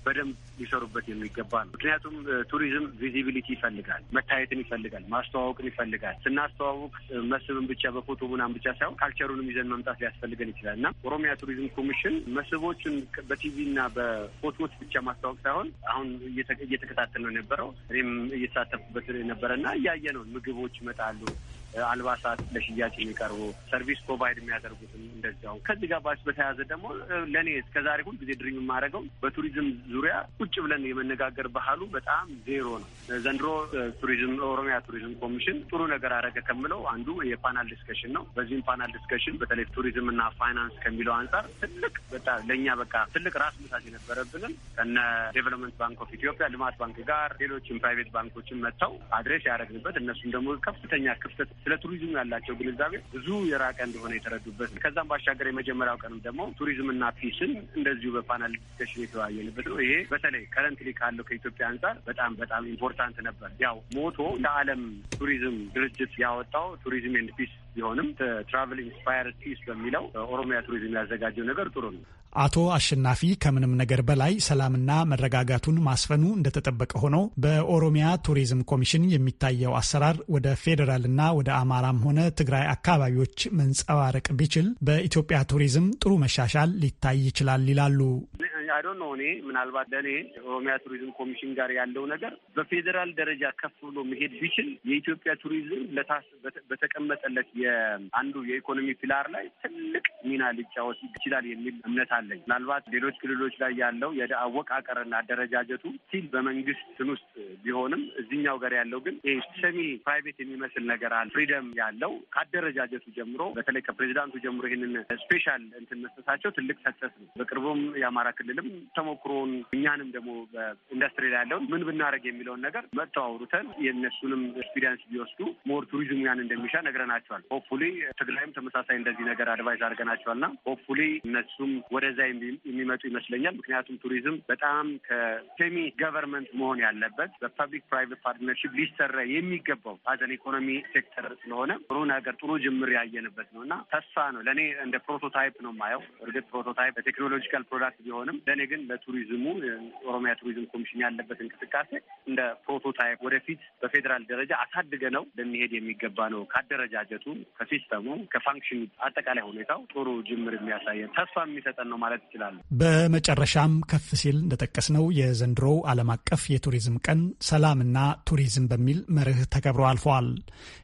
በደንብ ሊሰሩበት የሚገባ ነው። ምክንያቱም ቱሪዝም ቪዚቢሊቲ ይፈልጋል፣ መታየትን ይፈልጋል፣ ማስተዋወቅን ይፈልጋል። ስናስተዋውቅ መስህብን ብቻ በፎቶ ምናምን ብቻ ሳይሆን ካልቸሩንም ይዘን መምጣት ሊያስፈልገን ይችላል እና ኦሮሚያ ቱሪዝም ኮሚሽን መስህቦችን በቲቪ እና በፎቶዎች ብቻ ማስተዋወቅ ሳይሆን አሁን እየተከታተል ነው የነበረው እኔም እየተሳተፉበት ነበረ እና እያየ ነው ምግቦች ይመጣሉ አልባሳት ለሽያጭ የሚቀርቡ ሰርቪስ ፕሮቫይድ የሚያደርጉትም እንደዚያውም። ከዚህ ጋር ባች በተያያዘ ደግሞ ለእኔ እስከዛሬ ሁል ጊዜ ድርኝ የማደርገው በቱሪዝም ዙሪያ ቁጭ ብለን የመነጋገር ባህሉ በጣም ዜሮ ነው። ዘንድሮ ቱሪዝም ኦሮሚያ ቱሪዝም ኮሚሽን ጥሩ ነገር አደረገ ከምለው አንዱ የፓናል ዲስከሽን ነው። በዚህም ፓናል ዲስከሽን በተለይ ቱሪዝም እና ፋይናንስ ከሚለው አንጻር ትልቅ በቃ ለእኛ በቃ ትልቅ ራስ ምታት የነበረብንም ከነ ዴቨሎፕመንት ባንክ ኦፍ ኢትዮጵያ ልማት ባንክ ጋር ሌሎችም ፕራይቬት ባንኮችን መጥተው አድሬስ ያደረግንበት እነሱም ደግሞ ከፍተኛ ክፍተት ስለ ቱሪዝም ያላቸው ግንዛቤ ብዙ የራቀ እንደሆነ የተረዱበት ከዛም ባሻገር የመጀመሪያው ቀንም ደግሞ ቱሪዝምና ፒስን እንደዚሁ በፓናል ዲስከሽን የተወያየንበት ነው። ይሄ በተለይ ከረንትሊ ካለው ከኢትዮጵያ አንጻር በጣም በጣም ኢምፖርታንት ነበር። ያው ሞቶ ለዓለም ቱሪዝም ድርጅት ያወጣው ቱሪዝም ኤንድ ፒስ ቢሆንም ትራቭል ኢንስፓየርድ ፒስ በሚለው ኦሮሚያ ቱሪዝም ያዘጋጀው ነገር ጥሩ ነው። አቶ አሸናፊ ከምንም ነገር በላይ ሰላምና መረጋጋቱን ማስፈኑ እንደተጠበቀ ሆኖ በኦሮሚያ ቱሪዝም ኮሚሽን የሚታየው አሰራር ወደ ፌዴራልና ወደ አማራም ሆነ ትግራይ አካባቢዎች መንጸባረቅ ቢችል በኢትዮጵያ ቱሪዝም ጥሩ መሻሻል ሊታይ ይችላል ይላሉ። አይ ዶንት ኖ እኔ ምናልባት ለእኔ ኦሮሚያ ቱሪዝም ኮሚሽን ጋር ያለው ነገር በፌዴራል ደረጃ ከፍ ብሎ መሄድ ቢችል የኢትዮጵያ ቱሪዝም ለታስ በተቀመጠለት የአንዱ የኢኮኖሚ ፒላር ላይ ትልቅ ሚና ሊጫወት ይችላል የሚል እምነት አለኝ። ምናልባት ሌሎች ክልሎች ላይ ያለው የአወቃቀርና አወቃቀርና አደረጃጀቱ ሲል በመንግስት ትን ውስጥ ቢሆንም እዚኛው ጋር ያለው ግን ሰሚ ፕራይቬት የሚመስል ነገር አለ። ፍሪደም ያለው ከአደረጃጀቱ ጀምሮ በተለይ ከፕሬዚዳንቱ ጀምሮ ይህንን ስፔሻል እንትን መስጠታቸው ትልቅ ሰክሰስ ነው። በቅርቡም የአማራ ክልል ኃይልም ተሞክሮውን እኛንም ደግሞ በኢንዱስትሪ ላይ ያለውን ምን ብናደረግ የሚለውን ነገር መጥተው አውሩተን የእነሱንም ኤክስፒሪንስ ቢወስዱ ሞር ቱሪዝም ያን እንደሚሻ ነግረናቸዋል። ሆፕፉሊ ትግራይም ተመሳሳይ እንደዚህ ነገር አድቫይዝ አድርገናቸዋል እና ሆፕፉሊ እነሱም ወደዛ የሚመጡ ይመስለኛል። ምክንያቱም ቱሪዝም በጣም ከሴሚ ገቨርንመንት መሆን ያለበት በፐብሊክ ፕራይቬት ፓርትነርሽፕ ሊሰራ የሚገባው አዘን ኢኮኖሚ ሴክተር ስለሆነ ጥሩ ነገር ጥሩ ጅምር ያየንበት ነው እና ተስፋ ነው ለእኔ እንደ ፕሮቶታይፕ ነው የማየው። እርግጥ ፕሮቶታይፕ ቴክኖሎጂካል ፕሮዳክት ቢሆንም ለእኔ ግን ለቱሪዝሙ ኦሮሚያ ቱሪዝም ኮሚሽን ያለበት እንቅስቃሴ እንደ ፕሮቶታይፕ ወደፊት በፌዴራል ደረጃ አሳድገ ነው ለሚሄድ የሚገባ ነው። ከአደረጃጀቱ፣ ከሲስተሙ፣ ከፋንክሽን አጠቃላይ ሁኔታው ጥሩ ጅምር የሚያሳየን ተስፋ የሚሰጠን ነው ማለት ይችላሉ። በመጨረሻም ከፍ ሲል እንደጠቀስ ነው የዘንድሮው ዓለም አቀፍ የቱሪዝም ቀን ሰላምና ቱሪዝም በሚል መርህ ተከብሮ አልፈዋል።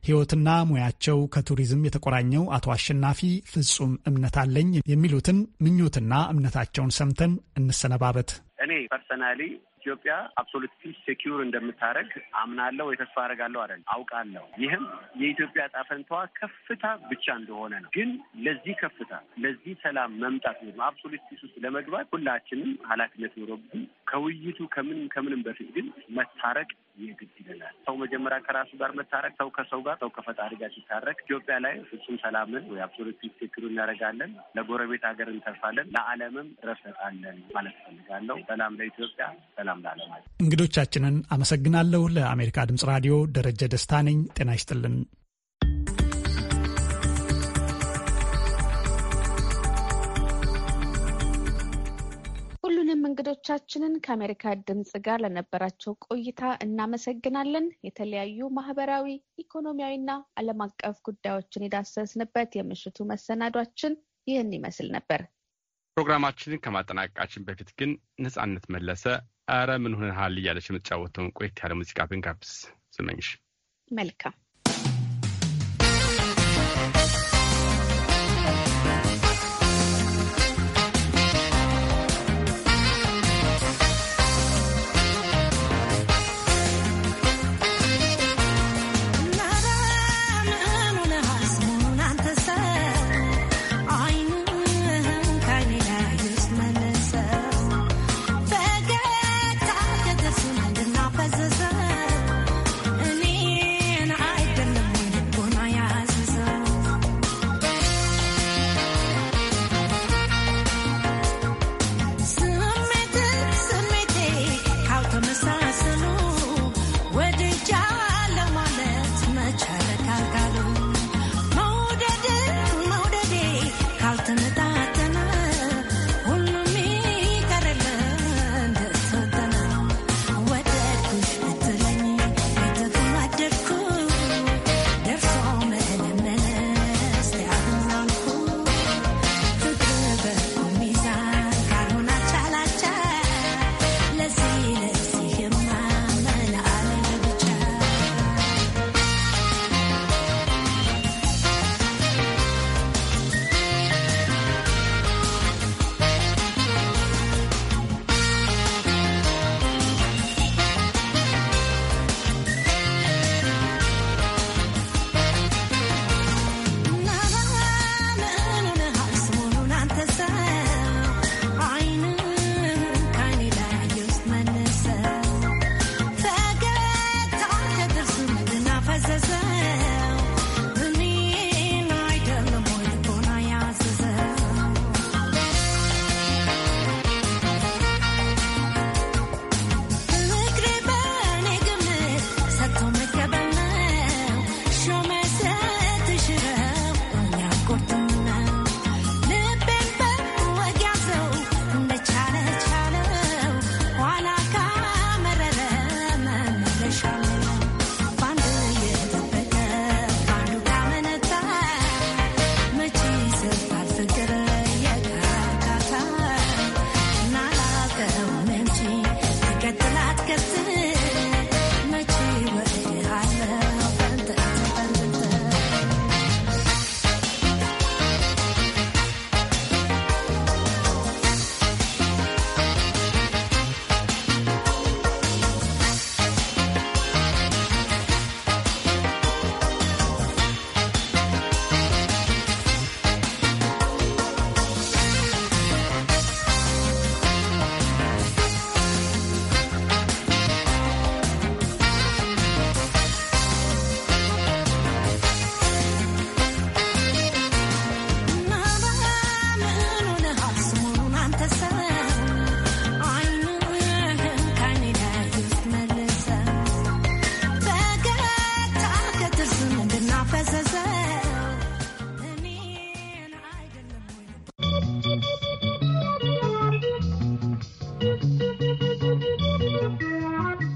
ህይወትና ሙያቸው ከቱሪዝም የተቆራኘው አቶ አሸናፊ ፍጹም እምነት አለኝ የሚሉትን ምኞትና እምነታቸውን ሰምተን እንሰነባበት እኔ ፐርሰናሊ ኢትዮጵያ አብሶሉትሊ ሴኪዩር እንደምታደረግ አምናለሁ ወይ ተስፋ አደርጋለሁ አይደል አውቃለሁ። ይህም የኢትዮጵያ ጣፈንተዋ ከፍታ ብቻ እንደሆነ ነው። ግን ለዚህ ከፍታ ለዚህ ሰላም መምጣት ወይም አብሶሉት ፒስ ውስጥ ለመግባት ሁላችንም ኃላፊነት ኖሮብን ከውይይቱ ከምንም ከምንም በፊት ግን መታረቅ የግድ ይለናል። ሰው መጀመሪያ ከራሱ ጋር መታረቅ፣ ሰው ከሰው ጋር፣ ሰው ከፈጣሪ ጋር ሲታረቅ ኢትዮጵያ ላይ ፍጹም ሰላምን ወይ አብሶሉት ፒስ ሴኪዩር እናደርጋለን። ለጎረቤት ሀገር እንተርፋለን፣ ለዓለምም ረፍነጣለን ማለት ፈልጋለሁ። ሰላም ለኢትዮጵያ፣ ሰላም ለዓለማችን። እንግዶቻችንን አመሰግናለሁ። ለአሜሪካ ድምጽ ራዲዮ ደረጀ ደስታ ነኝ። ጤና ይስጥልን። ሁሉንም እንግዶቻችንን ከአሜሪካ ድምጽ ጋር ለነበራቸው ቆይታ እናመሰግናለን። የተለያዩ ማህበራዊ፣ ኢኮኖሚያዊና ዓለም አቀፍ ጉዳዮችን የዳሰስንበት የምሽቱ መሰናዷችን ይህን ይመስል ነበር። ፕሮግራማችንን ከማጠናቀቃችን በፊት ግን ነጻነት መለሰ አረ ምን ሆነሃል እያለች የምትጫወተውን ቆየት ያለ ሙዚቃ ብንጋብዝ ስመኝሽ መልካም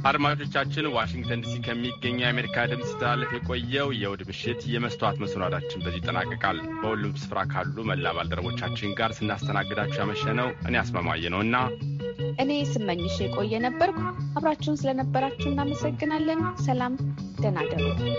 አድማጮቻችን፣ ዋሽንግተን ዲሲ ከሚገኘ የአሜሪካ ድምፅ ሲተላለፍ የቆየው የእሁድ ምሽት የመስተዋት መሰናዳችን በዚህ ይጠናቀቃል። በሁሉም ስፍራ ካሉ መላ ባልደረቦቻችን ጋር ስናስተናግዳችሁ ነው እኔ አስማማየ ነው እና እኔ ስመኝሽ የቆየ ነበርኩ። አብራችሁን ስለነበራችሁ እናመሰግናለን። ሰላም፣ ደህና እደሩ።